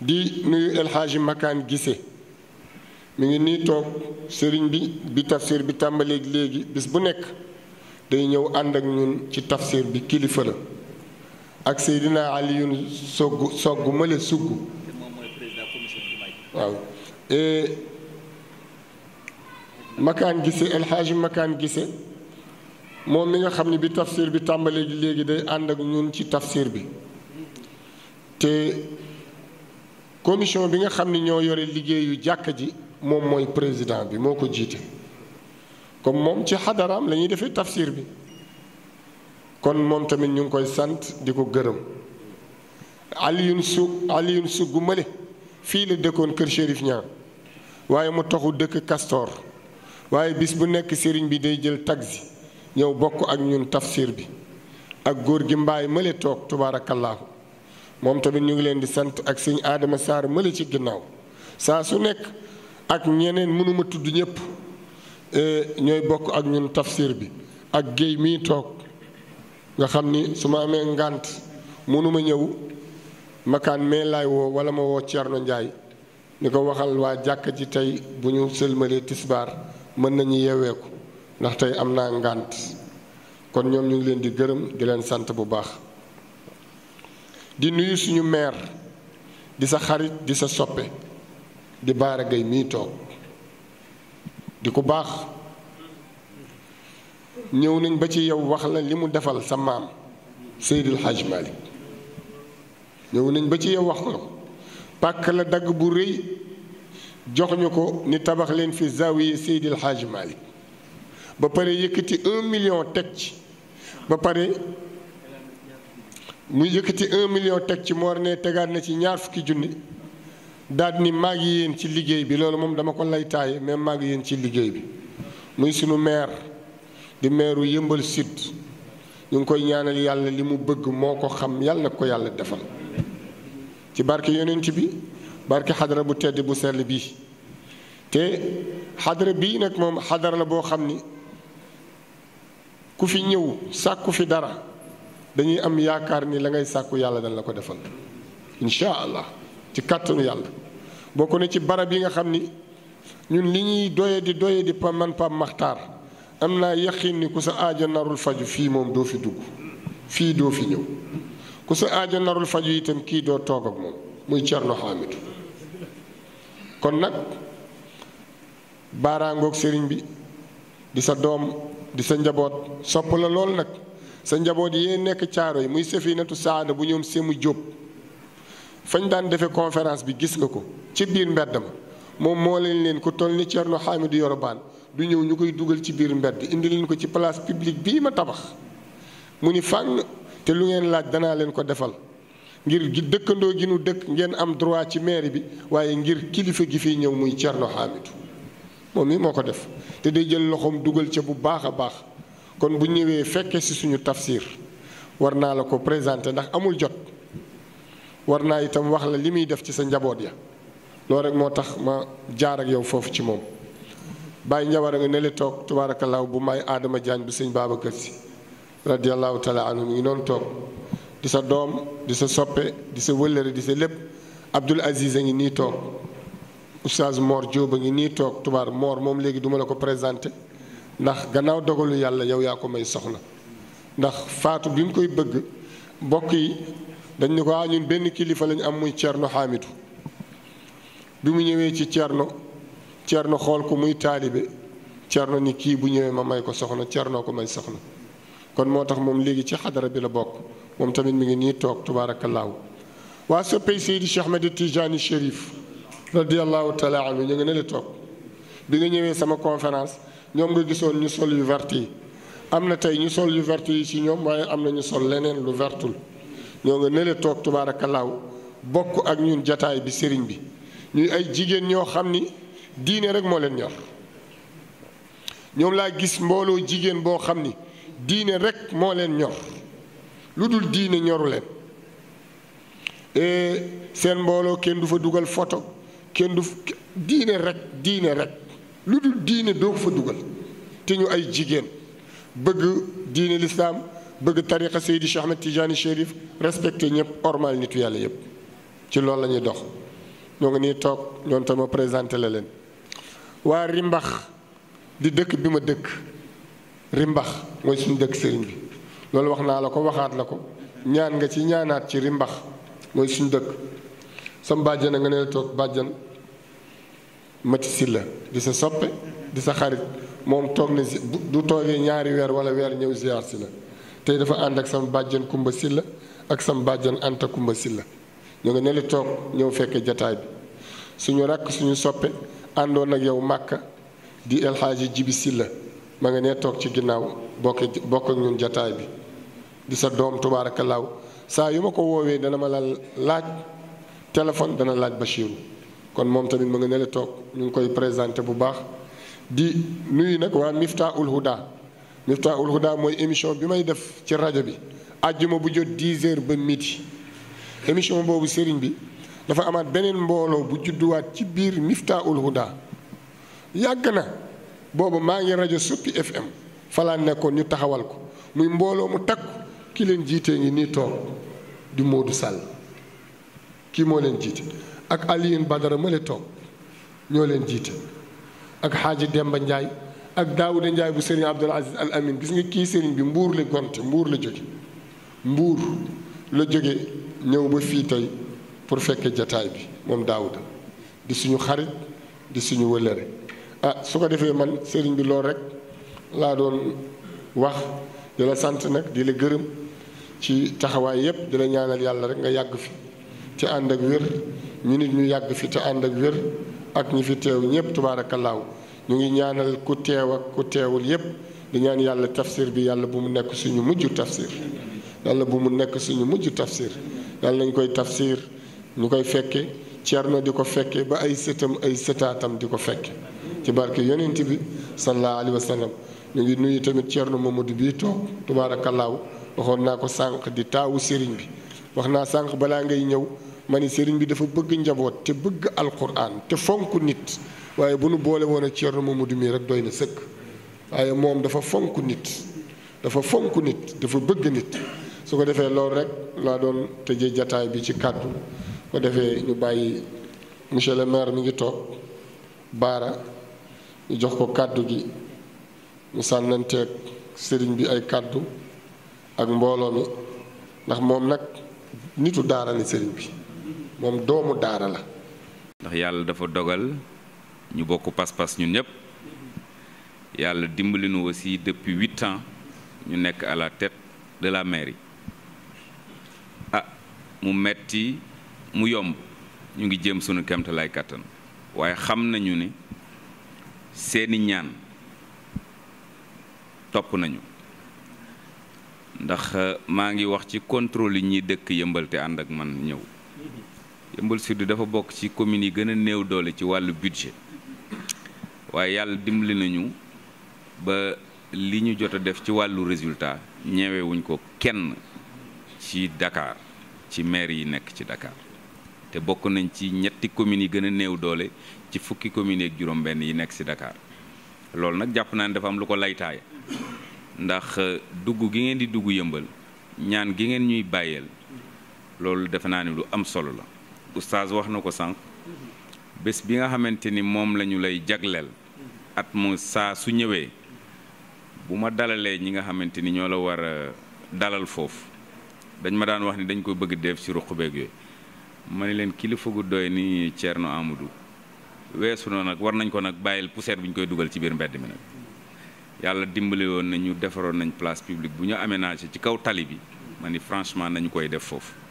S2: di nuyu El Makaan Gise mi ngi nii toog sëriñ bi bi tafsir bi tàmbaleeg léegi bis bu nekk day ñëw ànd ak ñun ci tafsir bi kilifa la ak Seydina Aliyun sogg sogg mële sugg waaw e, makaan gise elxaaji makaan gise moom mi nga xam ne bi tafsir bi tàmbalee gi léegi day ànd ak ñun ci tafsir bi te commission bi nga xam ni ñoo yore liggéeyu jàkka ji moom mooy président bi moo ko jiite comme moom ci xadaraam la ñuy defee tafsiir bi kon moom tamit ñu ngi koy sant di ko gërëm Alioune Su Alioune Su gu male fii la dëkkoon kër Chérif Niang waaye mu taxu dëkk kastoor waaye bis bu nekk sëriñ bi day jël taxi ñëw bokk ak ñun tafsir bi ak góor gi mbaay male toog tubaarakallaahu moom tamit ñu ngi leen di sant ak sëñ aadama Sarr male ci ginnaaw saa su nekk ak ñeneen mënuma tudd ñëpp e, ñooy bokk ak ñun tafsir bi ak géey mii toog nga xam ni su ma amee ngànt mënuma ñëw makaan mee laay woo wala ma woo Thierno Ndiaye ni ko waxal waa jàkka ji tey bu ñu sëlmalee tisbaar mën nañu yeweeku ndax tey am naa kon ñoom ñu ngi leen di gërëm di leen sant bu baax di nuyu suñu maire di sa xarit di sa soppe di Baara gay mii toog di ku baax ñëw nañ ba ci yow wax la li mu defal sa maam Seydil Hadj Malick ñëw nañ ba ci yow wax la ko la dagg bu rëy jox ñu ko ni tabax leen fi zawiye Seydil Hadj Malick ba pare yëkkati un million teg ci ba pare mu yëkkati un million teg ci war ne tegaat na ci ñaar fukki junni daal ni maag ngi yéen ci liggéey bi loolu moom dama ko lay taaye mais maa yéen ci liggéey bi muy sunu maire di maire u Yeumbeul Sud ñu ngi koy ñaanal yàlla li mu bëgg moo ko xam yàlla nag ko yàlla defal ci barke yonent bi barke xadara bu tedd bu sell bi te xadara bii nag moom xadara la boo xam ni ku fi ñëw sàkku fi dara dañuy am yaakaar ni la ngay sàkku yàlla dana la ko defal incha allah ci kàttanu yàlla bokk na ci barab yi nga xam ni ñun li ñuy doye di doye di pa man am naa yaqin ni ku sa aajo narul faju fii moom doo fi dugg fii doo fi ñëw ku sa aajo narul faju itam kii doo toog ak moom muy Cerno Xaamidu kon nag baaraangoog sëriñ bi di sa doom di sa njaboot sopp la lool nag sa njaboot yee nekk caaro yi muy safinatu saada bu ñoom semu jóob fañ daan defee conférence bi gis nga ko ci biir mbedd ma moom moo leen leen ku toll ni Thierno Hamidou Yorobaan du ñëw ñu koy dugal ci biir mbedd indi leen ko ci place publique bii ma tabax mu ni fànn te lu ngeen laaj danaa leen ko defal ngir dëkkandoo gi nu dëkk ngeen am droit ci maire bi waaye ngir kilifa gi fiy ñëw muy Thierno Hamidou moom mi moo ko def te day jël loxoom dugal ca bu baax a baax kon bu ñëwee fekkee si suñu tafsir war naa la ko présenter ndax amul jot war naa itam wax la li muy def ci sa njaboot ya loolu rek moo tax ma jaar ak yow foofu ci moom bàyyi njawar a nga nele toog tubaarakallaahu bu may aadama jaañ bu sëñ Babacar Si radiallahu taala anhu mu ngi noonu toog di sa doom di sa soppe di sa wëllëre di sa lépp Abdul Aziz a ngi nii toog oustaz Mor Diop a ngi nii toog tubaar Mor moom léegi duma la ko présenté ndax gannaaw dogalu yàlla yow yaa ko may soxna ndax faatu bi mu koy bëgg mbokk yi dañ ne ko ah ñun benn kilifa lañ am muy Thierno Hamidou bi mu ñëwee ci Thierno Thierno xool ko muy taalibe Thierno ni kii bu ñëwee ma may ko soxna Thierno ko may soxna kon moo tax moom léegi ci xadara bi la bokk moom tamit mi ngi nii toog tubaarakallaahu waa soppey Seydi Cheikh Ahmed Tijani Chérif radiallahu taala anhu ñu ngi ne la toog bi nga ñëwee sama conférence ñoom nga gisoon ñu sol yu vert yi am na tey ñu sol yu vert yi ci ñoom waaye am na ñu sol leneen lu vertul ñoo nga nële toog tubaarakallaaw bokk ak ñun jataay bi sëriñ bi ñuy ay jigéen ñoo xam ni diine rek moo leen ñor ñoom laa gis mbooloo jigéen boo xam ni diine rek moo leen ñor lu dul diine ñoru leen e seen mbooloo kenn du fa dugal photo kenn du diine rek diine rek lu dul diine doo ko fa dugal te ñu ay jigéen bëgg diine lislaam bëgg tariqa Seydi Cheikh Ahmed Tidiane respecte respecté ñëpp ormal nitu yàlla yëpp ci loolu la ñuy dox ñoo ngi nii toog ñoon tam ma présenté la leen waa Rimbax di dëkk bi ma dëkk Rimbax mooy suñu dëkk sëriñ bi loolu wax naa la ko waxaat la ko ñaan nga ci ñaanaat ci Rimbax mooy suñu dëkk sam bàjjan a nga ne toog bàjjan Mati Silla di sa soppe di sa xarit moom toog na du toogee ñaari weer wala weer ñëw ziar si la tey dafa ànd ak sama bàjjen Kumba Silla ak sama bàjjen Anta Kumba Silla ñu ngi ne li toog ñëw fekke jataay bi suñu rakk suñu soppe àndoon ak yow màkka di El Hadji Jibi Silla ma nga ne toog ci ginnaaw bokk bokk ak jataay bi di sa doom tubaarakallaaw saa yu ma ko woowee dana ma la laaj téléphone dana laaj Bachiru kon moom tamit mu ngi ne la toog ñu ngi koy présenté bu baax di nuyu nag waa Miftaahul Huda Miftaahul Huda mooy émission bi may def ci rajo bi àjjuma bu jot 10 heures ba miti émission boobu sëriñ bi dafa amaat beneen mbooloo bu judduwaat ci biir Miftaahul Huda yàgg na booba maa ngi rajo Suppi FM falaa nekkoon ñu taxawal ko muy mbooloo mu takku ki leen jiitee ngi nii toog di Modou Sall kii moo leen jiite ak Alioune Badara ma toog ñoo leen jiite ak Xaaji Demba Ndiaye ak Daawuda Njaay bu Serigne Abdoul Aziz Al Amin gis nga kii Serigne bi mbuur la gonte mbuur la jóge mbuur la jóge ñëw ba fii tey pour fekk jataay bi moom Daawuda di suñu xarit di suñu wëllëre a ah, su ko defee man Serigne bi loolu rek laa doon wax di sant nag di la gërëm ci taxawaay yépp di la ñaanal yàlla rek nga yàgg fi te ànd ak wér ñu nit ñu yàgg fi te ànd ak wér ak ñu fi teew ñépp tubaarakallaahu ñu ngi ñaanal ku teew ak ku teewul yépp di ñaan yàlla tafsir bi yàlla bu mu nekk suñu mujj tafsir yàlla bu mu nekk suñu mujj tafsir yàlla nañ koy tafsir ñu koy fekke Ceerno di ko fekke ba ay sëtam ay sëtaatam di ko fekke ci barke yonent bi sallallahu alayhi wa sallam ñu ngi nuyu tamit Ceerno Mamadou bii toog tubaarakallaahu waxoon naa ko sànq di taawu sëriñ bi wax naa sànq balaa ngay ñëw ma ni sëriñ bi dafa bëgg njaboot te bëgg alquran te fonk nit waaye bu nu boole woon a Thierno Mamadou mii rek doy na sëkk waaye moom dafa fonk nit dafa fonk nit dafa bëgg nit su ko defee loolu rek laa doon tëjee jataay bi ci kàddu ko defee ñu bàyyi monsieur le maire mi ngi toog baara ñu jox ko kàddu gi ñu sànnanteeg sëriñ bi ay kàddu ak mbooloo mi ndax moom nag nitu daara la sëriñ bi moom doomu daara la
S3: ndax yàlla dafa dogal ñu bokk pas-pas ñun ñëpp yàlla dimbali nu aussi depuis huit ans ñu nekk à la tête de la mairie ah mu metti mu yomb ñu ngi jéem sunu kemtalaay kàttan waaye xam nañu ni seeni ñaan topp nañu ndax eh, maa ngi wax ci contrôle yi ñuy dëkk yëmbal te ànd ak man ñëw yëmbal sud dafa bokk ci communes yi gën a néew doole ci wàllu budget waaye yàlla dimbali nañu ba li ñu jot def ci wàllu résultat ñeewee wuñ ko kenn ci Dakar ci maire yi nekk ci Dakar te bokk nañ ci ñetti communes yi gën a néew doole ci fukki communes yeeg juróom-benn yi nekk ci dakaar loolu nag jàpp naa ne dafa am lu ko laytaay ndax euh, dugg gi ngeen di dugg yëmbal ñaan gi ngeen ñuy bàyyeel loolu defe naa ne lu am solo la oustaz wax na ko sànq bés bi nga xamante ni moom la ñu lay jagleel at mu saa su ñëwee bu ma dalalee ñi nga xamante ni ñoo la war a dalal foofu dañ ma daan wax ni dañ koy bëgg def ci ruq beeg ma ne leen kilifa gu doy ni Thierno amudu weesu na nag war nañ ko nag bàyyil poussière bu ñu koy dugal ci biir mbedd mi nag yàlla dimbali woon nañu defaroon nañ place publique bu ñu aménagé ci kaw tali bi ma ni franchement nañu koy def foofu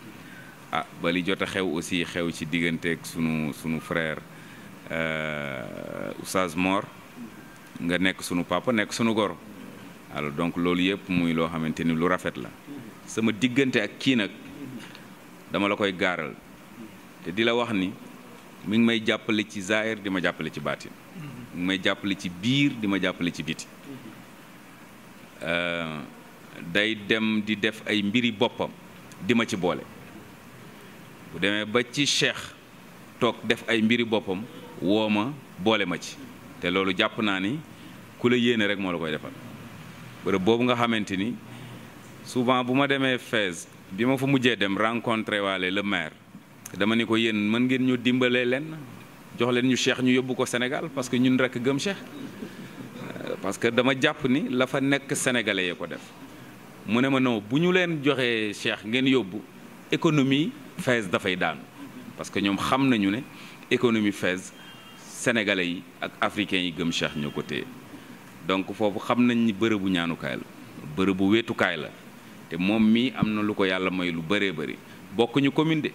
S3: ah ba jot a xew aussi xew ci diggante digganteeg sunu sunu frère euh, Oustaz Mor nga nekk sunu papa nekk sunu goro alors donc loolu yëpp muy loo xamante ni lu rafet la sama diggante ak kii nag dama la koy gaaral te di la wax ni mi ngi may jàppale ci zaahir di ma jàppale ci baatin mi may jàppale ci biir di ma jàppale ci biti euh, day dem di def ay mbiri boppam di ma ci boole bu demee ba ci cheikh toog def ay mbiri boppam woo ma boole ma ci te loolu jàpp naa ni ku la yéene rek moo la koy defal bërëb boobu nga xamante ni souvent bu ma demee Fès bi ma fa mujjee dem rencontré waale le maire dama ni ko yéen mën ngeen ñu dimbalee leen jox leen ñu cheikh ñu yóbbu ko Sénégal parce que ñun rek gëm cheikh euh, parce que dama jàpp ni la fa nekk sénégalais yee ko def mu ne ma non bu ñu leen joxee cheikh ngeen yóbbu économie Fès dafay daanu parce que ñoom xam nañu ne économie Fès sénégalais yi ak africains yi gëm Cheikh ñoo ko téye donc foofu xam nañ ni bërëbu ñaanukaay la bërëbu wetukaay la te moom mii am na lu ko yàlla may lu bëree bëri bokkuñu commune de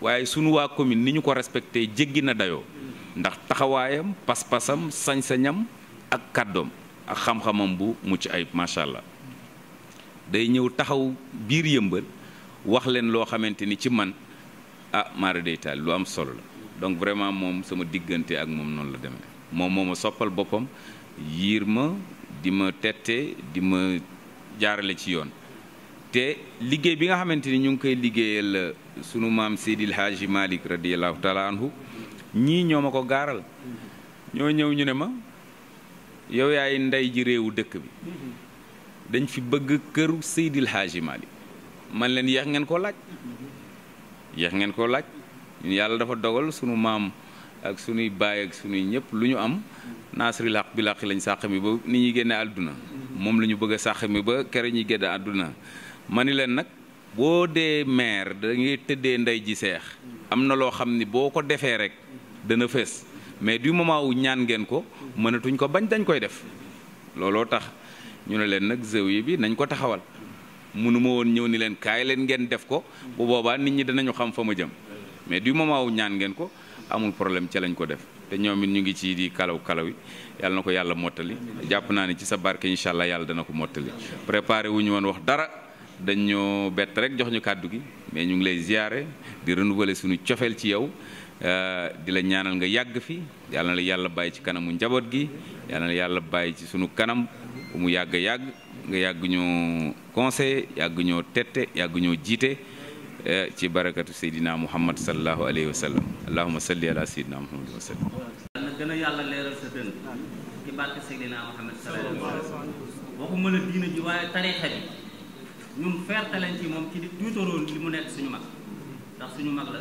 S3: waaye sunu waa commune ni ñu ko respecté jéggi na dayoo ndax taxawaayam pas-pasam sañ-sañam ak kàddoom ak xam-xamam bu mucc ay macha allah day ñëw taxaw biir yëmbal wax leen loo xamante ni ci man a ah, maara day taal lu am solo la donc vraiment moom sama diggante ak moom noonu la demee moom moo ma soppal boppam yiir ma di ma tette di ma jaarale ci yoon te liggéey bi nga xamante ni ñu ngi koy liggéeyal uh, sunu maam Seydil Haaji Malick radiallahu taala anhu ñii ñoo ma ko gaaral ñoo ñëw ñu ne ma yow yaay ndey ji réewu dëkk bi mm-hmm. dañ fi bëgg këru Seydil Haaji Malick man leen yéex ngeen ko laaj yéex ngeen ko laaj yàlla dafa dogal sunu maam ak sunuy baay ak sunuy ñëpp lu ñu am naasiril xaq bi xaq lañ sàq mi ba ni ñuy génne àdduna moom la ñu bëgg a sàq ba kere ñuy génne àdduna ma ni leen nag boo dee maire da ngay tëddee ndey ji seex am na loo xam ni boo ko defee rek dana fees mais du moment wu ñaan ngeen ko mënatuñ ko bañ dañ koy def looloo tax ñu ne leen nag zëw yi bi nañ ko taxawal mënuma woon ñëw ni leen kaay leen ngeen def ko bu boobaa nit ñi danañu xam fa ma jëm mais di moment wu ñaan ngeen ko amul problème ca lañ ko def te ñoom it ñu ngi ci di kalaw kalawi yi yàlla na ko yàlla mottali jàpp naa ne ci sa barke incha allah yàlla dana ko mottali préparé wu ñu woon wax dara dañoo bett rek jox ñu kàddu gi mais ñu ngi lay ziyaare di renouveler suñu cofeel ci yow euh, di la ñaanal nga yàgg fi yàlla na la yàlla bàyyi ci kanamu njaboot gi yàlla na la yàlla bàyyi ci suñu kanam bu mu yàgg yàgg nga yàgg ñoo conseillé yàgg ñoo tette yàgg ñoo jiite eh, ci barakatu seydina muhammad sallallahu alayhi wa sallam allahuma salli ala seydina muhammad
S4: a yàlla waxuma la diina ji waaye tarixa bi ñun ferte lañ ci moom ci di li mu nekk suñu mag ndax suñu mag la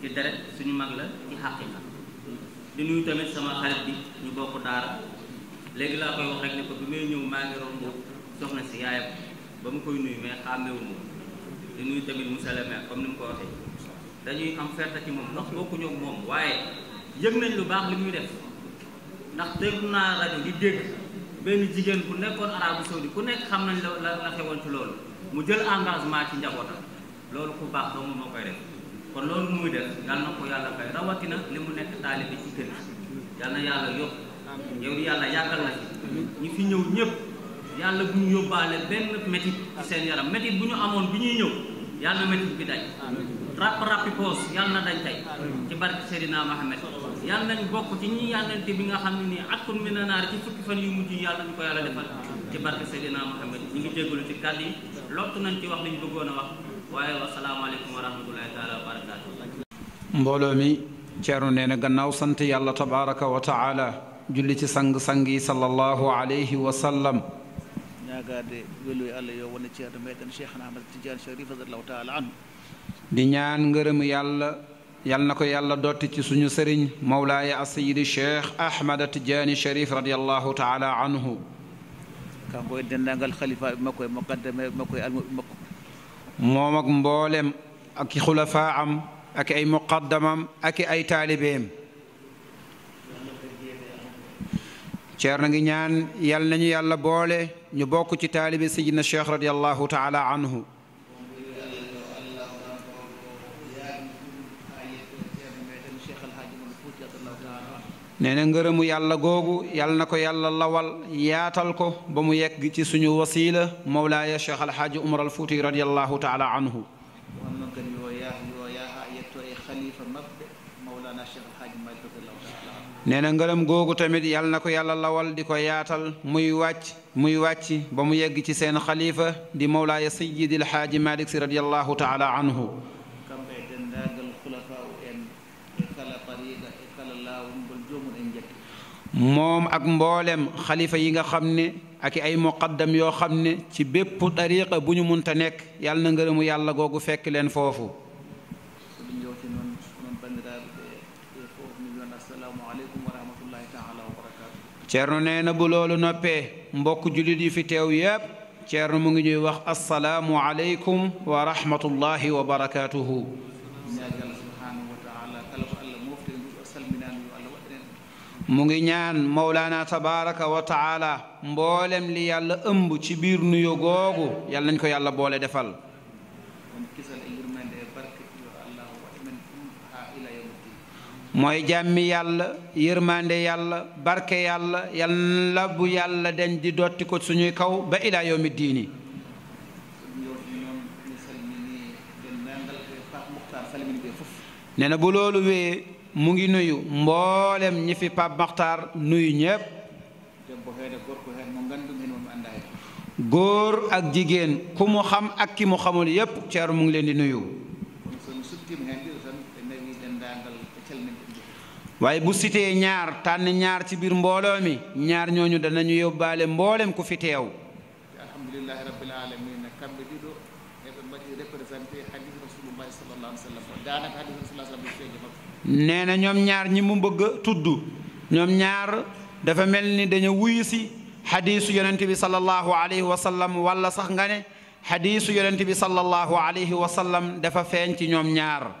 S4: ci deret suñu mag la ci xaqiqa di nuyu tamit sama xarit bi ñu bokk daara léegi laa koy wax rek ko bi may ñëw maa ngi romb soxna si yaayam ba mu koy nuyu mais xàmmewul moom di nuyu tamit monsieur le maire comme ni mu ko waxee dañuy am ferte ci moom ndax bokkuñu moom waaye yëg nañ lu baax li muy def ndax dégg naa rajo di dégg benn jigéen bu nekkoon Arabie Saoudite ku nekk xam nañ la la xewoon ci loolu mu jël engagement ci njabootam loolu ko baax doomu moo koy def kon loolu muy def yal na ko yàlla fay rawatina li mu nekk taalibe ci kër yal yàlla yokk yàlla yàggal na ñi fi yalla buñu yobale ben metit ci seen yaram metit buñu amone biñu ñew yalla metit bi dañ rap rap pos yalla dañ tay ci barke serina mohammed yalla nañ bokk ci ñi yàllante bi nga xamni ni akun mina na ci fukki fan yu mujj yalla ñu ko yalla defal ci barke serina mohammed ñi ngi jégalu ci kali yi nañ ci wax liñ ñu wax waye wax waaye wa rahmatullahi taala wa barakatuh
S5: mbolo mi ciaru neena gannaaw sante yalla tabaraka wa taala julli ci sang sangi sallallahu alayhi wa sallam
S6: ñaagaade welu allah yo wona ceerno meeɗen cheikh ahmad tidiane sharif radiallahu taala anhu
S5: di ñaan ngërëm yàlla yal na ko yàlla dotti ci suñu sëriñ mawlaaya a sayidi cheikh ahmad tidiane sharif radiallahu taala anhu kanko e denndangal khalifa ɓe makko e moqaddame ɓe makko e almuɓe makko moom ak mboolem ak xulafa am ak ay muqaddamam ak ay taalibeem ceerno ngi ñaan yal nañu yàlla boole ñu bokku ci taalibe sayyidina cheikh radiyallahu taala anhu nee ngeeremu yàlla gogu yal nako yàlla lawal yaatal ko ba mu yegg ci suñu mawla ya cheikh alxaaji umar al futi radiyallahu taala anhu nena na ngërëm tamit yal ko yàlla lawal di ko yaatal muy wàcc muy wàcc ba mu yegg ci sen khalifa di sayyid al haji malik si radiallahu taala anhu mom ak mbollem khalifa yi nga xamne ak ay muqaddam yo xamne ci bépp tariqa buñu munta nek yalna na yàlla googu fekk len fofu ceerno neena bu loolu noppee mbokk julit yi fi teew yépp ceerno mu ngi ñuy wax assalaamu alaykum wa rahmatullahi wa barakaatuhu mu ngi ñaan mawlaana tabaraka wa taala mboolem li yàlla ëmb ci biir nuyo googu yàlla nañ ko yàlla boole defal mooy jàmmi yàlla yërmande yàlla barke yàlla yàlla bu yàlla dañ di dotti suñuy kaw ba ilaa mi diini nee bu loolu wee mu ngi nuyu mboolem ñi fi Pape Makhtar nuyu ñépp góor ak jigéen ku mu xam ak ki mu xamul yépp ceeru mu ngi leen di nuyu waaye bu sitee ñaar tànn ñaar ci biir mbooloo mi ñaar ñooñu danañu yóbbaale mboolem ku fi teew
S6: alhamdulillahi
S5: nee na ñoom ñaar ñi mu bëgg a tudd ñoom ñaar dafa mel ni dañu wuyu si hadisu yonente bi sallallahu alayhi wa sallam wala sax nga ne hadisu yonente bi sallallahu alayhi wa sallam dafa feeñ ci ñoom ñaar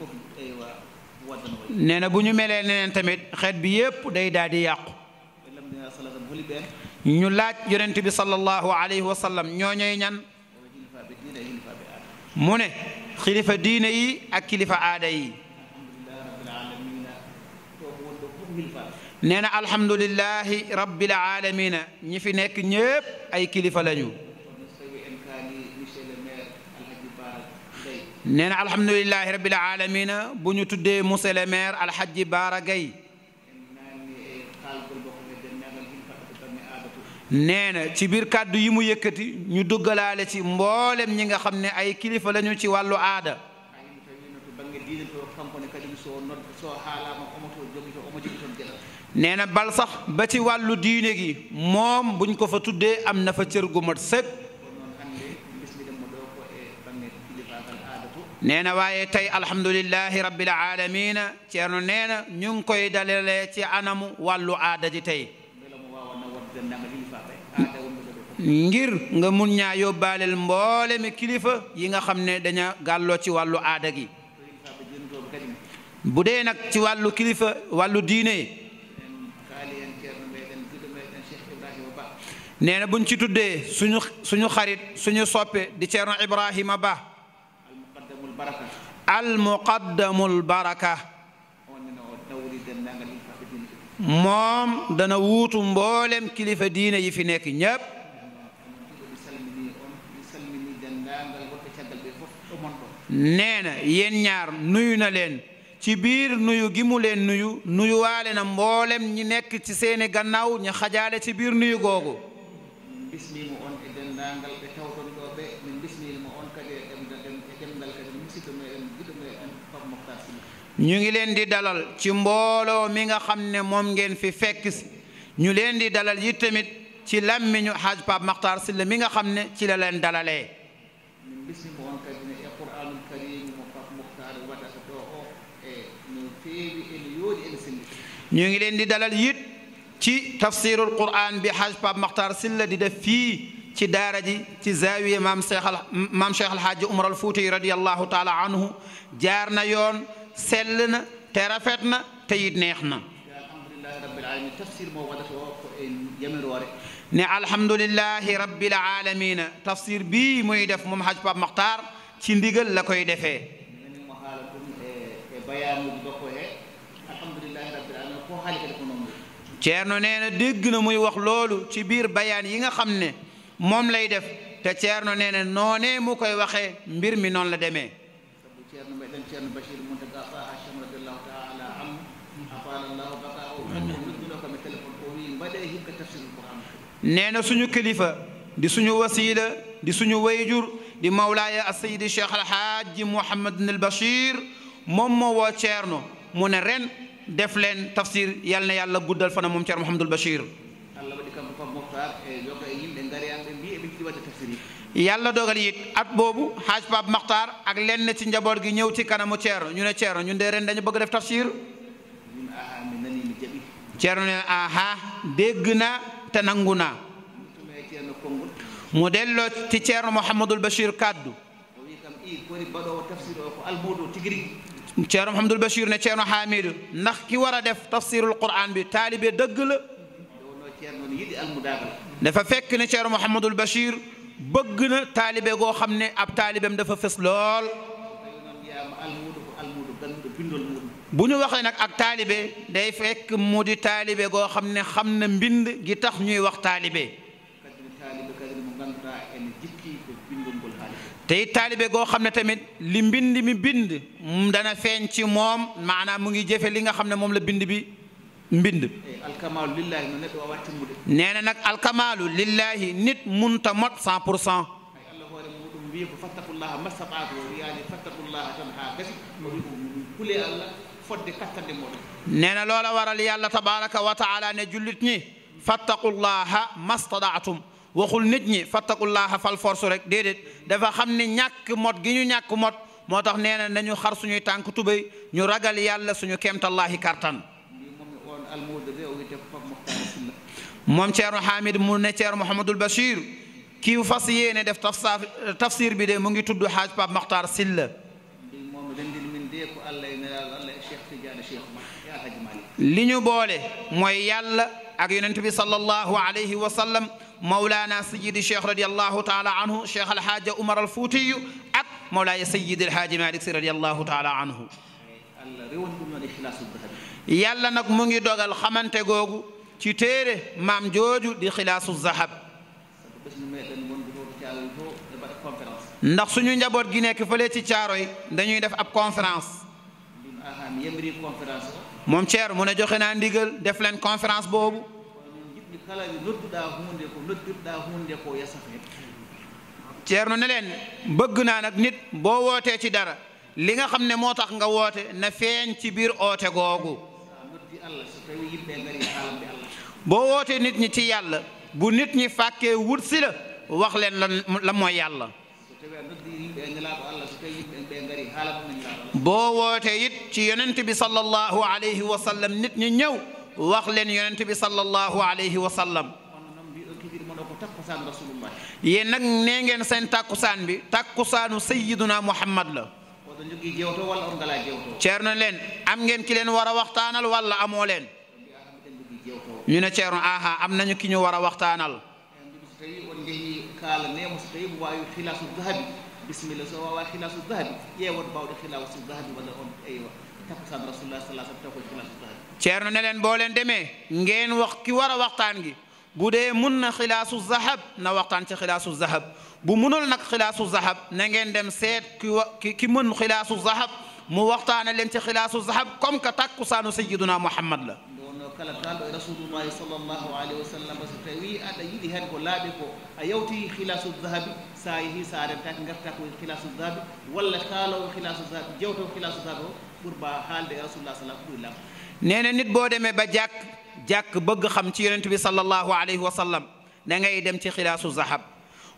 S5: nee na bu ñu melee neneen tamit xeet bi yépp day daal di yàqu ñu laaj yonent bi sallallahu alayhi wa sallam ñoo ñooy ñan mu ne kilifa diine yi ak kilifa aada yi nee na alhamdulilahi rabbil alamina ñi fi nekk ñépp ay kilifa lañu nee na alhamdulilahi rabil alamina bu ñu tuddee monsieur le maire alxaji Baara Gaye nee na ci biir kàddu yi mu yëkkati ñu duggalaale ci mboolem ñi nga xam ne ay kilifa lañu ci wàllu aada nee na bal sax ba ci wàllu diine gi moom buñ ko fa tuddee am na fa cër gu mat sëpp nee na waaye tey alhamdulilahi rabbil aalamiina ceerno nee na ñu ngi koy dalalee ci anamu wàllu aada ji tey ngir nga mun ñaa yóbbaaleel mboole mi kilifa yi nga xam ne daña gàlloo ci wàllu aada gi bu dee nag ci wàllu kilifa wàllu diine nee na buñ ci tuddee suñu suñu xarit suñu soppe di ceerno Ibrahima Ba almuqaddamul baraka moom dana wuutu mboolem kilifa diine yi fi nekk ñépp nee na yéen ñaar nuyu na leen ci biir nuyu gi leen nuyu nuyuwaale na mboolem ñi nekk ci seeni gannaaw ñu xajaale ci biir nuyu googu ñu ngi leen di dalal ci mbooloo mi nga xam ne moom ngeen fi fekk ñu leen di dalal yi tamit ci làmmiñu xaaj Pape Makhtar Sylla mi nga xam ne ci la leen dalalee ñu ngi leen di dalal yit ci tafsirul quran bi xaaj Pape Makhtar Sylla di def fii ci daara ji ci zaawiya maam Cheikh maam Cheikh Alhaaji Umar al Fuuti radiyallahu taala anhu jaar na yoon سلنا ترافتنا تيتنيخنا
S6: الحمد لله رب العالمين تفسير
S5: بي موي داف موم حاج باب مختار تي ندغل لاكوي ديفه
S6: بيان الحمد لله رب العالمين كو حال كده كو نوم
S5: نينا دغنا موي موم لاي ديف تا تيرنو نينا نوني موكاي واخه مبير مي نون لا ديمي nee na suñu kilifa di suñu wasiila di suñu wayjur di mawlaaya asayidi cheikh alxaaji mouhamadun al bachir moom moo woo ceerno mu ne ren def leen tafsir yal na yàlla guddal fana moom ceerno mouhamadul bachir yàlla dogal it at boobu xaaj Pape Makhtar ak lenn ci njaboot gi ñëw ci kanamu Thierno ñu ne Thierno ñun de ren dañu bëgg def tafsir Thierno ne aha dégg na تنانغونا موديل تيتير محمد البشير كادو تيتير محمد البشير نتيير حامد نخكي ورا ديف تفسير القران بي طالب دغلا دفا فك نتيير محمد البشير بغنا طالب غو خامني اب طالبم دفا فيس لول buñu waxé nak ak talibé day fekk modi talibé go xamné xamna mbind gi tax ñuy wax talibé day talibé go xamné tamit li mbind mi bind dana feñ ci mom manam mu ngi jëfe li nga xamné mom la bind bi mbind nee na nag alkamaalu lillaahi nit munta mot cent pour cent
S6: wiiko fattakullaha mastataato o wiyaani fattakullaha tan haa gasi o wi ko kulee allah
S5: nee na loola waral yàlla tabaraka wa taala ne jullit ñi fattaqullaha mastadaatum waxul nit ñi fattaqullaha fal force rek déedéet dafa xam ne ñàkk mot gi ñu ñàkk mot moo tax nee na nañu xar suñuy tànk tubéy ñu ragal yàlla suñu kéemtallaahi kartan moom Ceerno Hamid mu ne Ceerno Mouhamadul Bachir kii fas yéene def tafsir bi de mu ngi tudd Haaj Pape Makhtar Sylla li ñu boole mooy yàlla ak yonent bi sallallahu alayhi wa sallam mawlaana sayidi cheikh radiallahu taala anhu cheikh alhaaja umar al fuutiyu ak mawlaaya sayidi alhaaji malik si radiallahu taala anhu yàlla nag mu ngi dogal xamante googu ci téere maam jooju di xilaasu zahab ndax suñu njaboot gi nekk fële ci caaro yi dañuy def ab conférence mom cher mu ne joxe na ndigal def len conférence bobu cher no ne len bëgg na nak nit bo woté ci dara li nga xamne motax nga woté na feñ ci bir oté googu bo woté nit ñi ci yàlla bu nit ñi faké wut la wax len lan la yàlla boo wootee it ci yonent bi sallallahu alayhi wa sallam nit ñi ñëw wax leen yonent bi sallallahu alayhi wa sallam yéen nag nee ngeen seen tàkkusaan bi tàkkusaanu sayyiduna muhammad la ceerno leen am ngeen ki leen war a waxtaanal walla amoo leen ñu ne ceerno aha am nañu ki ñu war a قال نيم صحيب واي خلاص الذهب
S6: بسم الله سوا واي خلاص الذهب يا ود باود خلاص الذهب ولا هون ايوا تفسد رسول الله صلى الله عليه وسلم تقول خلاص الذهب
S5: شيرنا نلن بولن دمي نجين وقت كوار وقتانجي بودي من خلاص الذهب نوقتان خلاص الذهب بمنول نك خلاص الذهب نجين دم سيد كي كي من خلاص الذهب مو وقت انا اللي انت خلاص الذهب كم كتاك كسان سيدنا محمد لا
S6: قال رسول الله صلى الله عليه وسلم بس تيوي ادي دي هاد كو لا بيكو a yawti hilasu dahabi sa yeehi sa rentaki garta ko hilasu dahabi walla kaalowo hilasu dahabi jewtowo hilasu dahabi o ɓurba haalde e rasulullah sallam ko ɗum lam
S5: nee na nit boo demee ba jàkk jàkk bëgg xam ci yonent ngay dem ci xilaasu zahab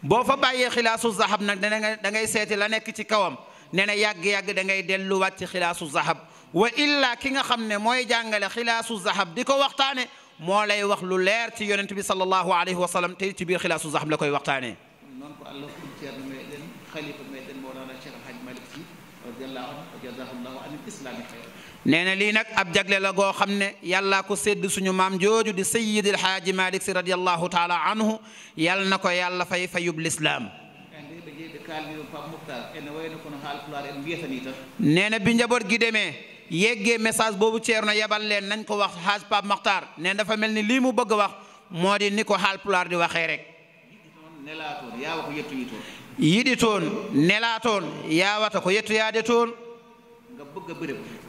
S5: boo fa bàyyee xilaasu zahab nag dana da ngay seeti la nekk ci kawam nee na yagg da ngay delluwaat ci xilaasu zahab wa illa ki nga xam ne jàngale xilaasu zahab diko ko moo lay wax lu leer ci yonent bi sallallahu alayhi wa sallam te ci biir xilaasu zaxam la koy waxtaanee
S6: noon ko allah ɗum ceerno meɗen xalifa meɗen mawlana cheikh alhaji malik si radiallahu anhu jazahullahu an islami xeyr
S5: nee na lii nag ab jagle la goo xam ne yàllaa ko sédd suñu maam jooju di sayidil xaaji malik si radiallahu taala anhu yal na ko yàlla fay fayub lislaam nee na bi njaboot gi demee yeggee message boobu ceer na yebal leen nañ ko wax xaaj Pape Makhtar ne dafa mel ni lii mu bëgg wax moo di ni ko xaal pulaar di waxee rek yii di toon nelaa toon yaawata ko yettoyaade toon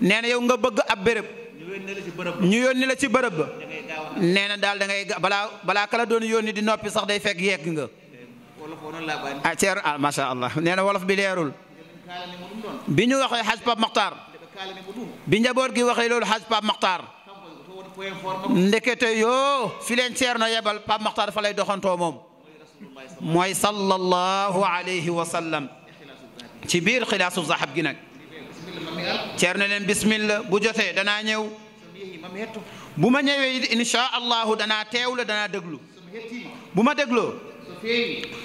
S5: nee na yow nga bëgg ab béréb ñu yónni la ci bërëb ba nee na daal da ngay balaa balaa kala doon yoon yónni di noppi sax day fekk yegg nga ah ceer ah macha allah nee na wolof bi leerul bi ñu waxee xaj Pape Makhtar بنجابور كي وخي لول حاج باب مختار نكتو يو فلين سير نيبال باب مختار فلاي دخان توموم موي صلى الله عليه وسلم تبير خلاص الزحب جنك تيرنا لن بسم الله بجوثي دانا نيو بما إن شاء الله دانا تيول دنا دقلو بما دقلو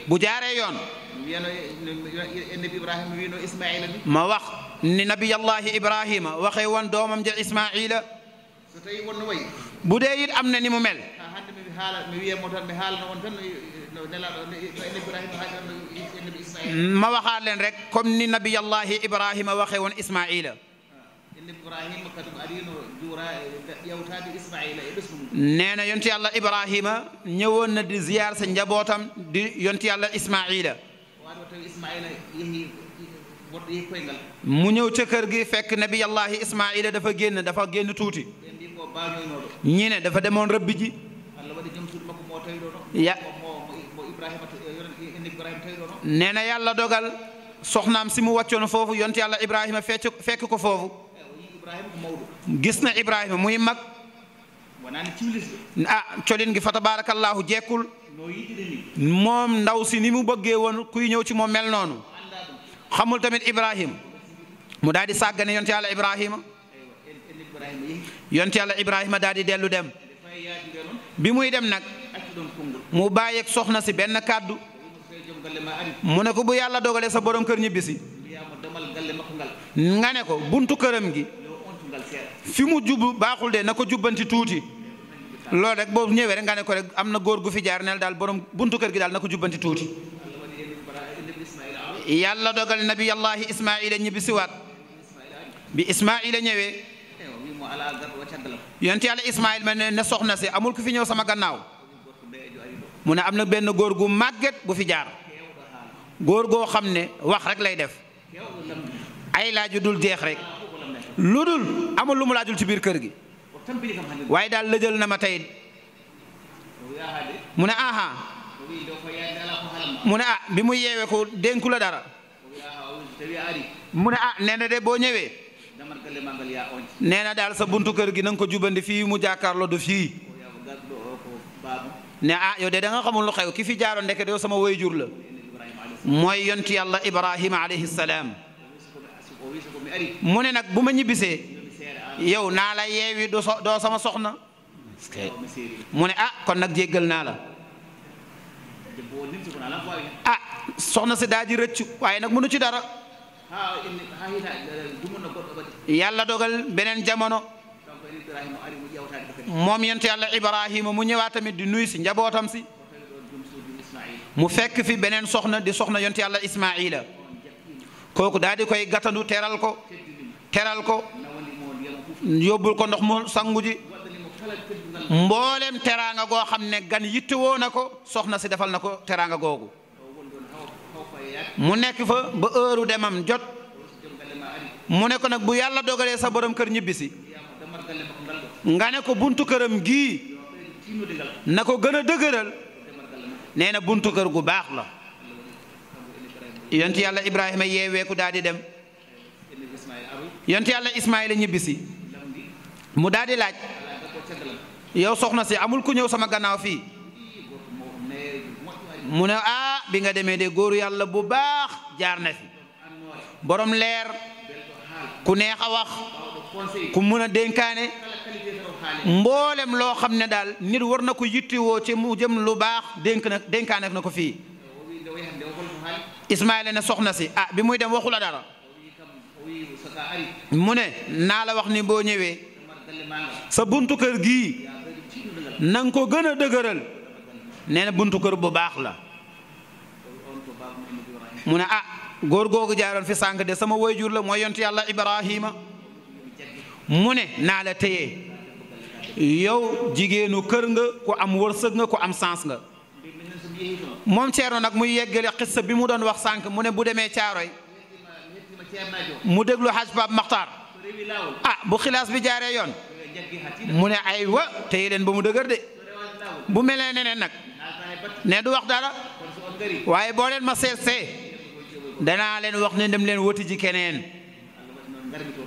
S5: بجاري ما وقت ni nabiyallahi ibrahima waxee woon doomam ja ismaila
S6: so tawi wonno wayi
S5: bu dee it am na ni mu mel hannde
S6: mi haala mi wiyemo tan mi haalano won tan no nelaɗo enne ibrahima haalino ennebi ismaila
S5: ma waxaat leen rek comme ni nabiyallahi ibrahima waxee woon ismaila
S6: ibrahima kadi mo arino juura ƴewtade ismaila e ɓesgu mum
S5: nee na yonti allah ibrahima ñëwoon na di ziyaar sa njabootam di yonti allah ismaila
S6: waɗo tawi ismaila yehi
S5: mu ñëw ca kër gi fekk nabiyallahi ismaila dafa génn dafa génn tuuti
S6: ñi ne dafa demoon rëbbi
S5: ji nee na yàlla dogal soxnaam si mu waccoon foofu yont yàlla ibrahima fecc fekk ko foofu gis na ibrahima muy mag ah colin gi fa tabaraka allahu jekkul moom ndaw si ni mu bëggee woon kuy ñëw ci moom mel noonu xamul tamit Ibrahim mu daal di sàggane yonte yàlla Ibrahima yonte yàlla Ibrahima daal di dellu dem bi muy dem nag mu bàyyeeg soxna si benn kàddu mu ne ko bu yàlla dogalee sa borom kër ñibbisi nga ne ko buntu këram gi fi mu jub baaxul de na ko jubbanti tuuti loolu rek boo ñëwee rek nga ko rek am na góor gu fi jaar neel daal borom buntu kër gi daal na ko jubbanti tuuti يالا دغال نبي الله اسماعيل ني بسوات بي اسماعيل نيوي يونتي الله اسماعيل من ن سخنا سي امول كفي نيو سما غناو من امنا بن غور غو ماغت بو في جار غور غو خامني واخ رك لاي ديف اي لاج دول ديخ رك لودول امول لوم لاجول سي بير كيرغي واي دال لجل نما تاي من اها Muna, a ah, bi mu yewé ko dénku la dara muna a ah nee na de boo ñëwee nee na sa buntu kër gi nang ko jubandi fi mu jakarlo do fi ne ah yo de da nga xamul lu xew ki fi jaaro ndek sama wayjur la moy yonti yalla Ibrahim alayhi salam mu nak buma ñibisé yow na la yewi do sama soxna mune a ah kon nak jéggal na la ah soxna si daa ji rëccu waaye nag mënu ci dara yàlla dogal beneen jamono moom yonent yàlla ibrahima mu ñëwaat tamit di nuyu si njabootam si mu fekk fi beneen soxna di soxna yonent yàlla ismaila kooku daal di koy gàttandu teral ko teral ko yóbbul ko ndox mu sangu mboolem teraanga goo xam ne gan yittewoo na ko soxna si defal na ko teraanga googu mu nekk fa ba heure demam jot mu ne ko nag bu yàlla dogalee sa borom kër ñibbisi nga ne ko buntu këram gii na ko gën a dëgëral nee na buntu kër gu baax la yont yàlla ibrahima yeeweeku daal di dem yont yàlla ismaila ñibbisi mu daal di laaj yow soxna si amul ku ñëw sama gannaaw fii mu ne ah bi nga demee de góor yàlla bu baax jaar na fi borom leer ku neex a wax ku mun a dénkaane mboolem loo xam ne daal nit war na ko yittiwoo ci mu jëm lu baax dénk na dénkaane na ko fii Ismaayla ne soxna si ah bi muy dem waxu la dara mu ne naa la wax ni boo ñëwee sa buntu kër gii na nga ko gën a dëgëral nee na buntu kër bu baax la mu ne ah góor googu jaaroon fi sànq de sama wayjur la mooy yontu yàlla Ibrahima mu ne naa la téye yow jigéenu kër nga ku am wërsëg nga ku am sens nga moom Ceerno nag muy yeggale xissa bi mu doon wax sànq mu ne bu demee Caaroy mu déglu Haj Pape Maxtaar ah bu xilaas bi jaaree yoon mu ne ay wa téye leen ba mu dëgër de bu melee neneen nag ne du wax dara waaye boo leen ma seet see danaa leen wax ne dem leen woti ji keneen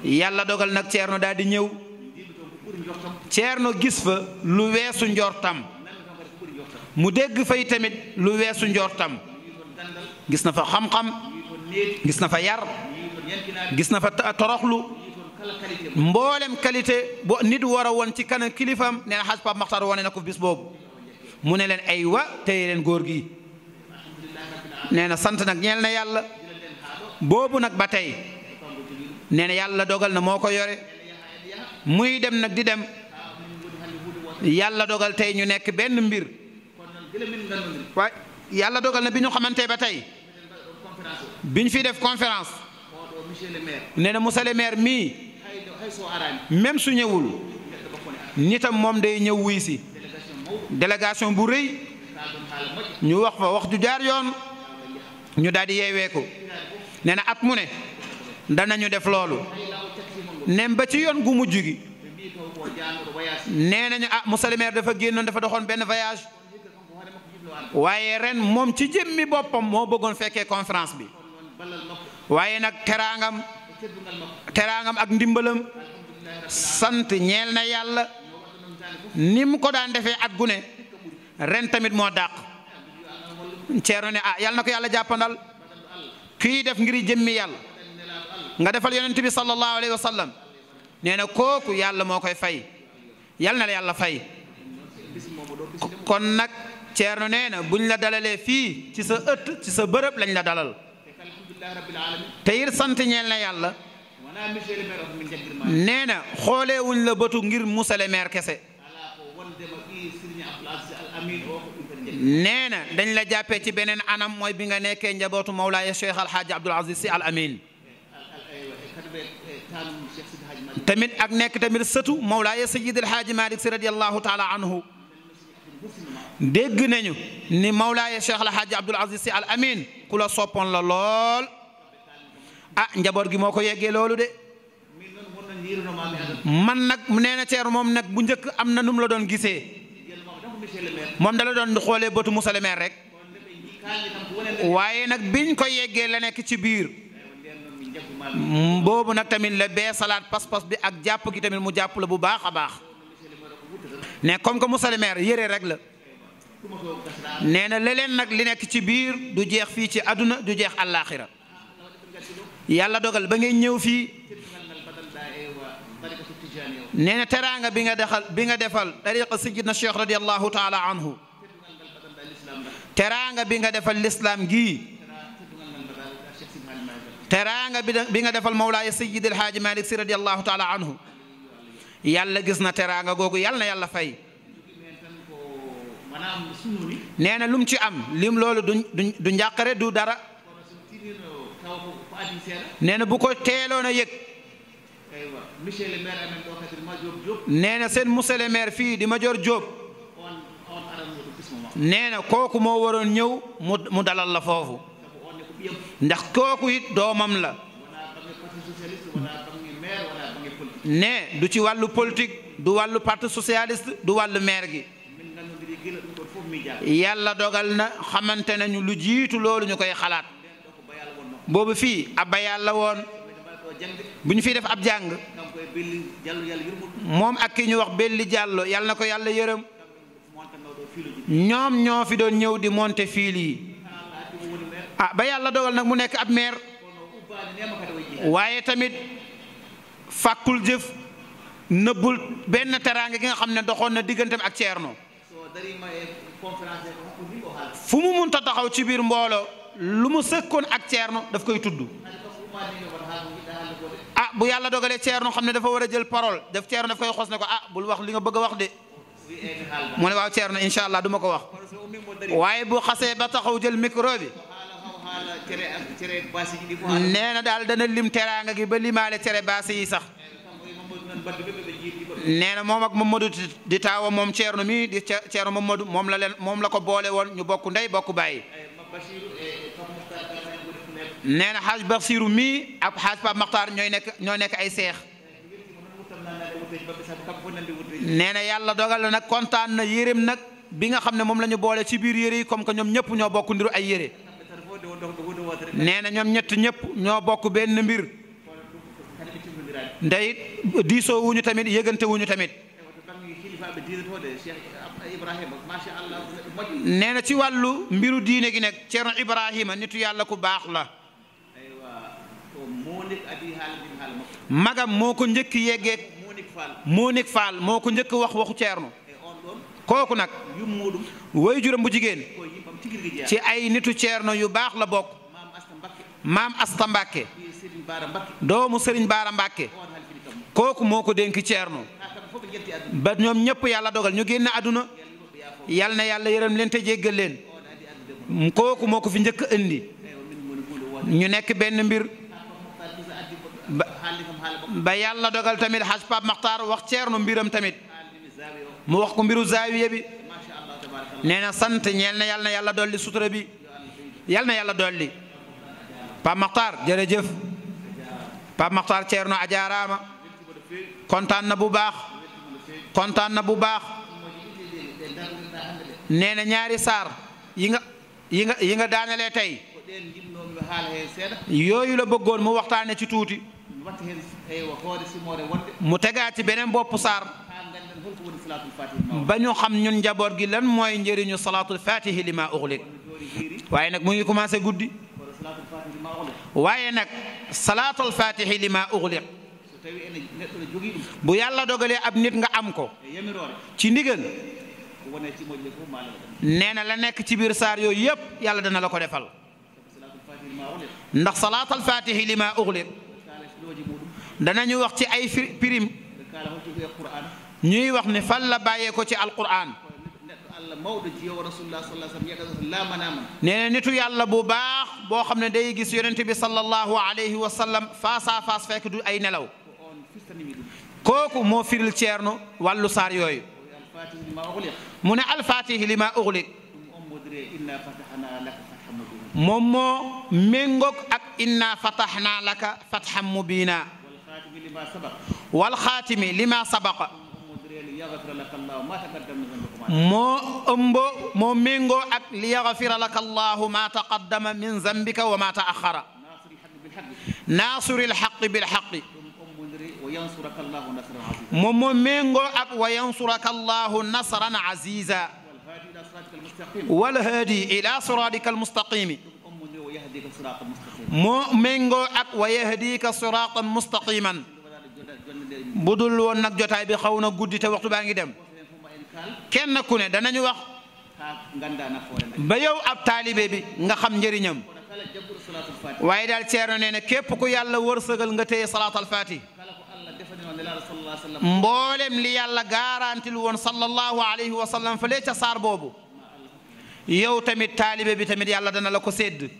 S5: yàlla dogal nag ceer ceerno daal di ñëw ceerno gis fa lu weesu njortam mu dégg fay tamit lu weesu njortam gis na fa xam-xam gis na fa yar gis na fa toroxlu mboolem qualité bo nit war a woon ci kanam kilifam nee na xaaj Pape Makhtar wane na ko bis boobu mu ne leen ay wa téye leen góor gi nee na sant nag ñeel na yàlla boobu nag ba tey nee na yàlla dogal na moo ko yore muy dem nag di dem yàlla dogal tey ñu nekk benn mbir waaye yàlla dogal na bi ñu xamante ba tey bi ñu fi def conférence nee na monsieur le maire mii même su ñëwul nitam moom day ñëw wuy si délégation bu rëy ñu wax fa wax ju jaar yoon ñu daal di yeewee ko nee na at mu ne danañu def loolu nem ba ci yoon gu mujj gi nee nañu ah monsieur le dafa génnoon dafa doxoon benn voyage waaye ren moom ci jëmmi boppam moo bëggoon fekkee conférence bi waaye nag teraangam terangam ak ndimbalam sant ñeel na yalla nim ko daan defé ak gune ren tamit mo daq ceerno ne ah yalla nako yalla jappandal ki def ngiri jëmmi yalla nga defal yonent bi sallallahu alaihi wasallam neena koku yalla mo koy fay yalla na la yalla fay kon nak ceerno nee na buñ la dalalé fi ci sa ëtt ci sa bërepp lañ la dalal تير سنت نيلنا يا الله نينا خاله ون لبطنير مسلمير كسي نينا دن لجابتي بينن أنا موي بيني كن جبوت مولا يشيخ الحاج عبد العزيز الأمين تمت أجنك تمت ستو مولاي سيد الحاج مالك رضي الله تعالى عنه dégg nañu ni mawlaaye cheikh alhaaji abdul aziz si al amin ku la soppoon la lool ah njaboot gi moo ko yeggee loolu de man nag nee na ceer moom nag bu njëkk am na nu mu la doon gisee moom da la doon xoolee bëtu monsieur le maire rek waaye nag biñ ko yeggee la nekk ci biir boobu nag tamit la bee salaat pas-pas bi ak jàpp gi tamit mu jàpp la bu baax a baax ne comme que monsieur le maire yére rek la nee na leneen nag li nekk ci biir du jeex fii ci àdduna du jeex àllaaxira yàlla dogal ba ngay ñëw fii nee na bi nga defal bi nga defal tariqa sayyidna cheikh radiallahu taala anhu teraanga bi nga defal lislaam gi teranga bi nga defal mawlaaya sayyid alhaaji malik si radiallahu taala anhu yàlla gis na teraanga yàlla yàlla fay nee na lu ci am lim loolu du du du njàqare du dara nee na bu ko teeloon a yëg nee na seen monsieur le maire fii di Madior Diop nee na kooku moo waroon ñëw mu mu dalal la foofu ndax kooku it doomam la ne du ci wàllu politique du wàllu parti socialiste du wàllu meer gi yàlla dogal na xamante nañu lu jiitu loolu ñu koy xalaat boobu fii abba yàlla woon bu ñu fiy def ab jàng moom ak ki ñu wax belli jàllo yàlla na ko yàlla yërëm ñoom ñoo fi doon ñëw di monter fil yi ah ba yàlla dogal nag mu nekk ab meer waaye tamit fàkkul jëf nëbbul benn teraanga ki nga xam ne doxoon na digganteem ak Ceerno fumu mu munta taxaw ci biir mbolo lu mu sekkon ak ceerno daf koy tuddu ah bu yàlla dogale ceerno xamne dafa wara jël parole daf ceerno daf koy xoss ne ko ah bul wax li nga bëgg wax de mo ne waaw ceerno inshallah duma ko wax waye bu xasse ba taxaw jël micro bi neena dal dana lim teranga gi ba limale tere baasi sax nee na moom ak Mamadou di taawa moom ceer Thierno mii di Thierno Mamadou moom la leen moom la ko boole woon ñu bokk ndey bokk bàyyi. nee na xaaj Basiru mi ak xaaj Pape Makhtar ñooy nekk ñoo nekk ay seex. nee na yàlla dogal na nag kontaan na yéreem nag bi nga xam ne moom la ñu boole ci biir yére yi comme que ñoom ñëpp ñoo bokk ndiru ay yére. nee na ñoom ñett ñëpp ñoo bokk benn mbir. ndeyit diisoo wuñu tamit yëgante wuñu tamit nee na ci wàllu mbiru diine gi nag Ceerno Ibrahima nitu yàlla ku baax la magam moo ko njëkk yeggeeg moo nekk faal moo ko njëkk wax waxu Ceerno kooku nag way juram bu jigéen ci ay nitu Ceerno yu baax la bokk maam asta Mbàkke doomu sëriñ baara mbàkke kooku moo ko dénki ceerno ah, ba ñoom ñëpp yàlla dogal ñu génn àdduna yàlla na yàlla yërëm leen te jéggal leen kooku moo ko fi njëkk indi ñu nekk benn mbir ba yàlla dogal tamit xaj pab maxtaar wax ceerno mbiram tamit mu wax ko mbiru zawiye bi nee na sant ñeel na yàlla na yàlla dolli sutura bi yàlla na yàlla dolli Pape Makhtar jërëjëf Pape Makhtar Ceerno ajaaraama kontaan na bu baax kontaan na bu baax nee na ñaari saar yi nga yi nga yi nga daanelee tey yooyu la bëggoon mu waxtaane ci tuuti mu tegaat ci beneen boppu saar ba ñu xam ñun njaboot gi lan mooy njëriñu salaatul fatihi li ma uxlik waaye nag mu ngi guddi waaye nag salaatul faatihi li ma uxliq bu yàlla dogalee ab nit nga am ko ci ndigal neena la nek ci bir sar yoy yep yàlla dana la ko defal ndax salaatul fatih lima ma dana ñu wax ci ay prim ñuy wax ne fal la baye ko ci alquran نينا نيتو يالله بو باخ بو خامن داي غيس يونتي بي صلى الله عليه وسلم فاسا فاس فك دو اي نلاو كوكو مو فيرل تيرنو والو سار يوي من الفاتح لما اغلق مومو مينغوك اك انا فتحنا لك فتحا مبينا والخاتم لما سبق مو مو مينغو اك ليغفر لك الله ما تقدم من ذنبك وما تاخر ناصر الحق بالحق
S6: وينصرك الله نصرا عزيزا
S5: مو مينغو اك وينصرك الله نصرا عزيزا والهادي الى صراطك المستقيم مؤمنو اك ويهديك صراطا مستقيما بودول ونك جوتاي بي خاونا غودي تا وقت باغي دم kenn ku ne danañu wax ba yow ab taalibe bi nga xam njëriñam waaye daal ceerno nee na képp ku yàlla wërsëgal nga téye salaatal faati mboolem li yàlla garantil woon sallallahu alayhi wa sallam fa lee ca saar boobu yow tamit taalibe bi tamit yàlla dana la ko sédd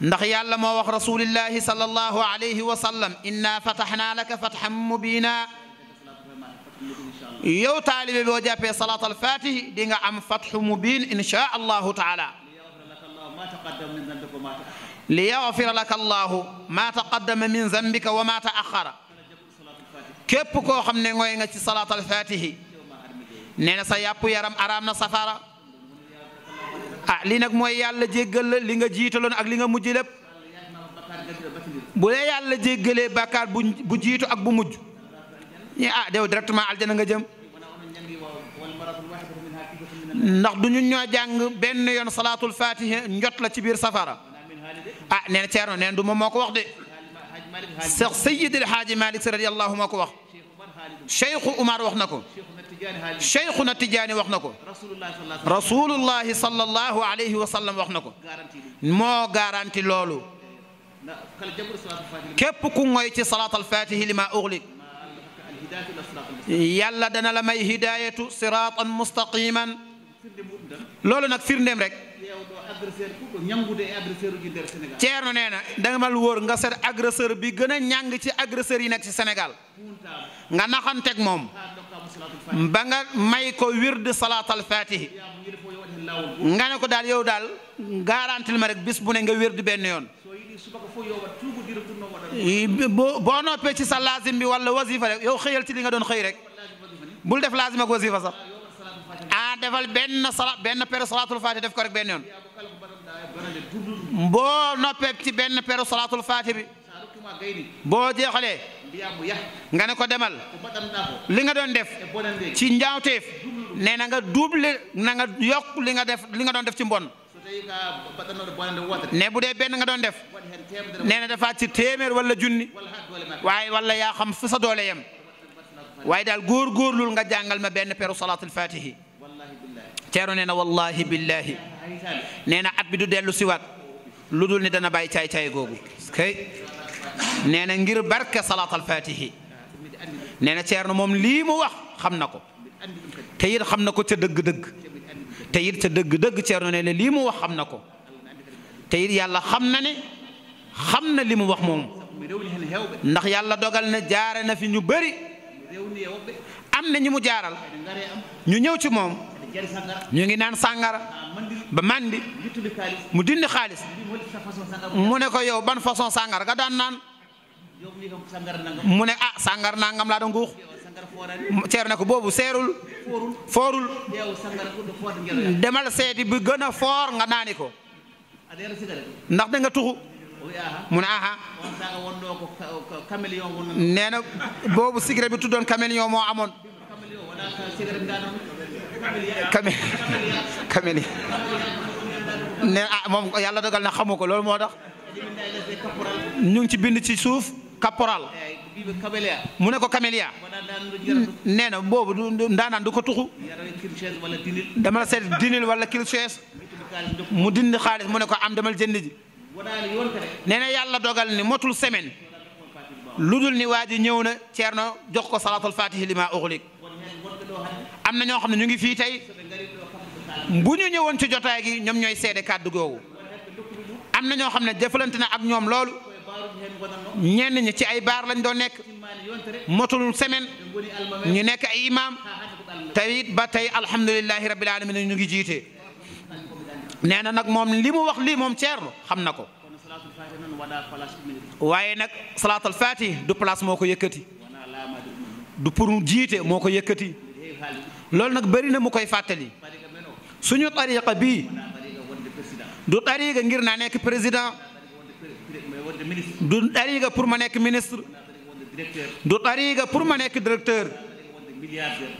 S5: ndax yàlla moo wax rasulillahi sallallahu alayhi wa sallam inna fatahnaa laka fathan mubiina يو طالب بوجه صلاة الفاتح دينا أم فتح مبين إن شاء الله تعالى ليغفر لك الله ما تقدم من ذنبك وما تأخر كيف كو خمنا وين صلاة الفاتح نينا سيابو يرام أرامنا سفارة آه، لينك موي يالا جيغل ليغا جيتلون اك ليغا مودي لب بولا يالا بكار بو جيتو اك ñi ah dew directement aljana nga jëm ndax du ñu ñoo jàng benn yoon salaatul fatiha njot la ci biir safara ah nee na ceerno nee na du moom moo ko wax de seex sayidil xaaji malik si radiallahu moo ko wax cheikhu umar wax na ko
S6: cheikhuna tijaani wax na ko
S5: rasulullahi sallallahu alayhi wa sallam wax na ko moo garanti loolu képp ku ngoy ci salaatul fatihi li ma uxlik
S6: Yalla
S5: dana la may hidayatu siratan mustaqiman lolou nak firndem rek ceerno neena na danga mal wor nga seet agresseur bi gën ñang ci agresseur yi nak ci senegal
S6: nga ak mom ba
S5: nga may ko wird al fatih nga ne ko dal yow dal garantil ma rek bis bu ne nga wird benn boo boo noppee ci sa laazim bi wala wasifa rek yow xëyal ci li nga doon xëy rek bul def laazim ak sax ah defal benn sala benn peru salaatul faati def ko rek benn yoon boo noppee ci benn peru salaatul faati bi boo jeexalee nga ne ko demal li nga doon def ci njaawteef nee na nga double na nga yokk li nga def li nga doon def ci mbon. ne bu dee benn nga doon def nee na dafa ci téeméer wala junni waaye wala yaa xam fu sa doole yem waaye daal góor-góorlul nga jàngal ma benn peru salaatul fatihi teeru nee na wallahi billahi nee na at bi du dellu siwaat lu dul ne dana bàyyi caay-caay googu kay nee na ngir barke salaatul fatihi nee na Ceerno moom lii mu wax xam na ko te it xam na ko ca dëgg-dëgg te it deug dëgg-dëgg Thierno ne le wax xam nako ko te it yàlla xam na ne xam na limu wax mom ndax yalla dogal na jaare na fi ñu bari am na ñi mu jaaral ñu ñew ci mom ñu ngi naan sangara ba mandi
S6: mu dindi xaalis mu
S5: ne ko yow ban façon sangara ga daan naan mu ne ah sangar nangam la do ceerna ko boobu seerul forul ndemal seedi bi gën a foor nga naani ko ndax danga tuxu mu ne aha nee na boobu sigret bi tuddoon camélion moo amoon camél nee ah moom yàlla dogal na xamu ko loolu moo tax ñu ngi ci bind ci suuf caporal mu ne ko camélia nee na boobu du ndaanaan du ko tuxu dama la seet dinil wala kil sees mu dindi xaalis mu ne ko am demal jënd ji nee na yàlla dogal ni motul semaine lu dul ni waa ji ñëw na Ceerno jox ko salaatul fatihi lima uxlik am na ñoo xam ne ñu ngi fii tey bu ñu ñëwoon ci jotaay gi ñoom ñooy seede kàddu googu am na ñoo xam ne jëfalante na ak ñoom loolu ñenn ñi ci ay baar lañ doon nekk motul semaine
S6: ñu nekk ay imaam
S5: te it ba tey alhamdulilahi rabil alamin ñu ngi jiite nee na nag moom li mu wax lii moom Ceerno xam na ko waaye nag salaatul fatih du place moo ko yëkkati du pour jiite moo ko yëkkati loolu nag bëri na mu koy fàttali suñu tariqa bii du tariqa ngir naa nekk président du dariiga pour ma nekk ministre du dariiga pour ma nekk directeur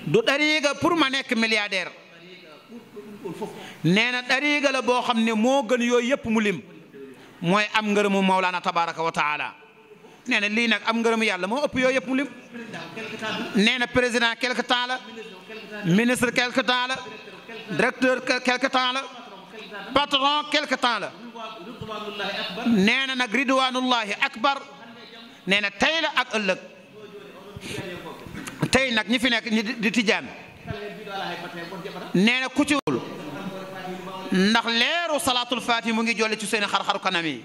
S5: du dariiga pour ma nekk milliardaire nee na dariiga la boo xam ne moo gën yooyu yëpp mu lim mooy am ngërëmu Mawlaana tabaraka wa taala nee na lii nag am ngërëmu yàlla moo ëpp yooyu yëpp mu lim na président quelque temps la ministre quelque temps la directeur quelque la patron quelque temps la نانا نغردوان الله اكبر نانا تايلا اك الله تايل نك ني في نك دي تيجان نانا كوتيول نخ ليرو صلاه الفاتح موغي جولي سي سين خار كانامي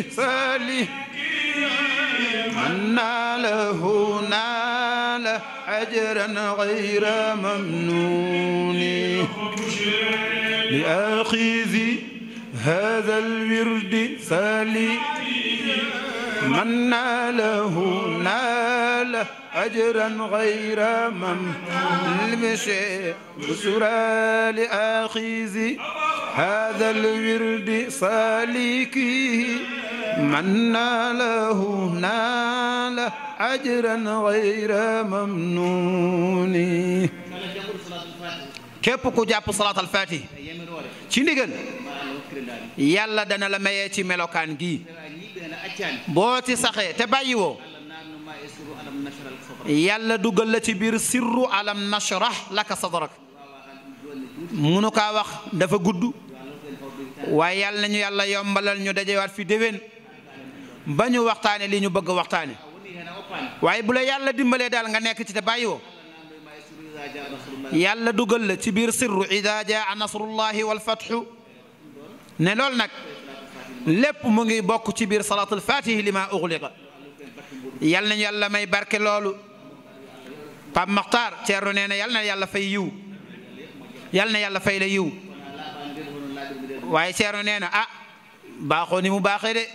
S5: بمثاله من له نال أجرا غير ممنون لآخذ هذا الورد ثالي من له نال أجرا غير ممنون المشي بسرى لآخذ هذا الورد سالكيه من ناله نال أجرا غير ممنون képp ku jàpp salaat al fatih ci ndigal yàlla dana la mayee ci melokaan gi boo ci saxee te bàyyiwoo يلا دوغل لا تي على سر علم لك صدرك منو كا واخ دا فا غود واي يال نيو يالا يومبالال نيو داجي وات في ديفن با نيو وقتاني لي نيو بغ وقتاني واي بولا يالا ديمبالي دال nga nek ci te bayiwo يالا دوغل لا تي بير سر اذا جاء نصر الله والفتح ne lol nak lepp mo ngi bok ci bir salatul fatih lima ughliqa yalla ñu yalla Pape Makhtar Thierno nee na yal na yàlla fay yiw yal na yàlla fay la yiw waaye Thierno nee na ah baaxoo ni mu baaxee de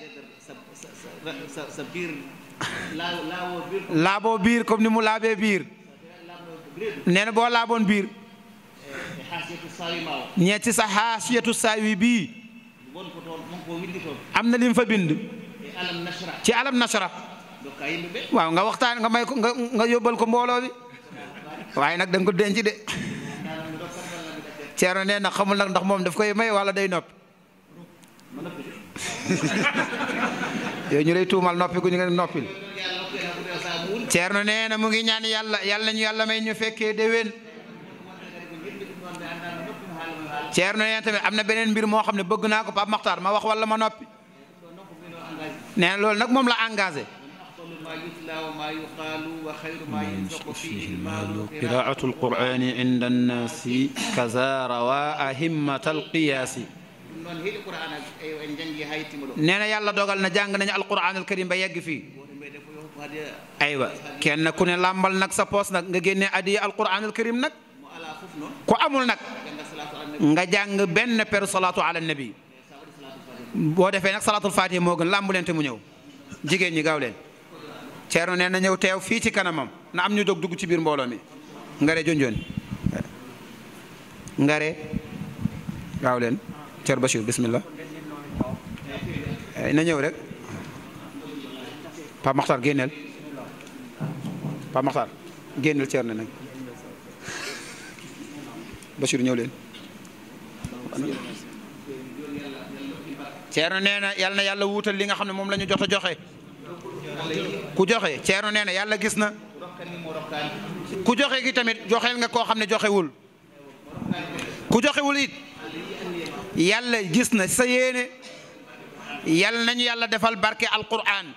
S5: laaboo biir comme ni mu laabee biir nee na boo laaboon biir ñee ci sa xaasiyatu saawi bii am na lim fa bind ci alam nasra waaw nga waxtaan nga may ko nga yóbbal ko mbooloo waaye nag da ko denc de Thierno nee na xamul nag ndax moom daf koy may wala day nopp [laughs] yooyu ñu lay tuumal noppi ku ñu ngeen noppil Thierno nee na mu ngi ñaan yàlla yàlla ñu yàlla may ñu fekkee déwén Thierno nee na tamit am na beneen mbir moo xam ne bëgg naa ko Pape Makhtar ma wax wala ma noppi nee loolu nag moom la engagé وخير ما ينفق فيه المال قراءة القرآن عند الناس كذا روى أهمة القياس نانا يالا دوغال نجانغ نانا القرآن الكريم بيق فيه أيوة كأن كون لامبال نك سبوس نك نغيني أدي القرآن الكريم نك كو أمول نك نجانغ بن نبير صلاة على النبي بو ديفي نك صلاة الفاتحة موغن لامبولين تمو نيو جيجين ني غاولين Thierno nee na ñëw teew fi ci kanamam na am ñu dog dug ci bir mbolo mi ngare jonjoon ngare gaw len Thierno bashir bismillah na ñëw rek Pape Makhtar génneel Pape Makhtar génneel Thierno nag bashir ñëw len Thierno nee na yàlla na yàlla wutal li nga xamne mom lañu la joxe ku joxe ceerno nee na yàlla gis na ku joxe gi tamit joxeel nga koo xam ne joxewul ku joxewul it yàlla gis na sa yéene yàlla nañu yàlla defal barke alquran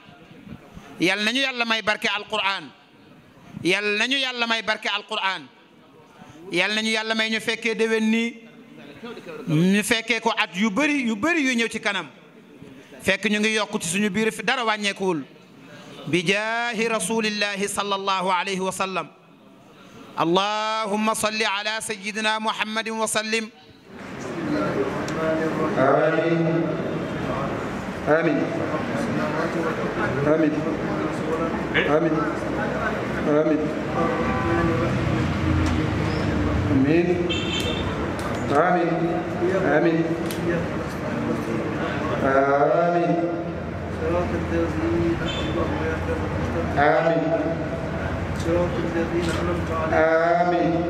S5: yàlla nañu yàlla may barke alquran yàlla nañu yàlla may barke alquran yàlla nañu yàlla may ñu fekkee déwén nii ñu fekkee ko at yu bari yu bari yu ñëw ci kanam fekk ñu ngi yokk ci suñu biir dara wàññeekuwul بجاه رسول الله صلى الله عليه وسلم اللهم صل على سيدنا محمد وسلم آمين آمين آمين آمين آمين آمين آمين آمين آمين صراط
S6: الذين اللهم يا آمين صراط الذين أنعمت عليهم آمين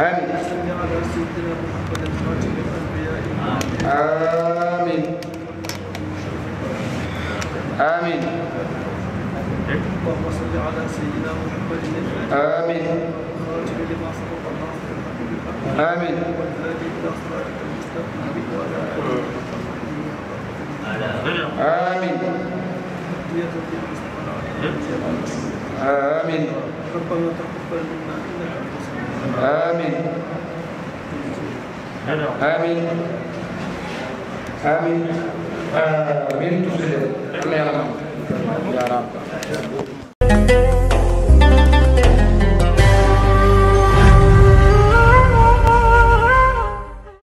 S6: آمين وسلم على سيدنا محمد خاتم الأنبياء آمين
S2: آمين اللهم صل على سيدنا محمد آمين خاتم لما سبق الله آمين والهادي إلى صراطك المستقيم وعلى آله
S7: آمين
S5: آمين ربنا تقبل منا إنك آمين آمين آمين آمين تسلم يا رب يا رب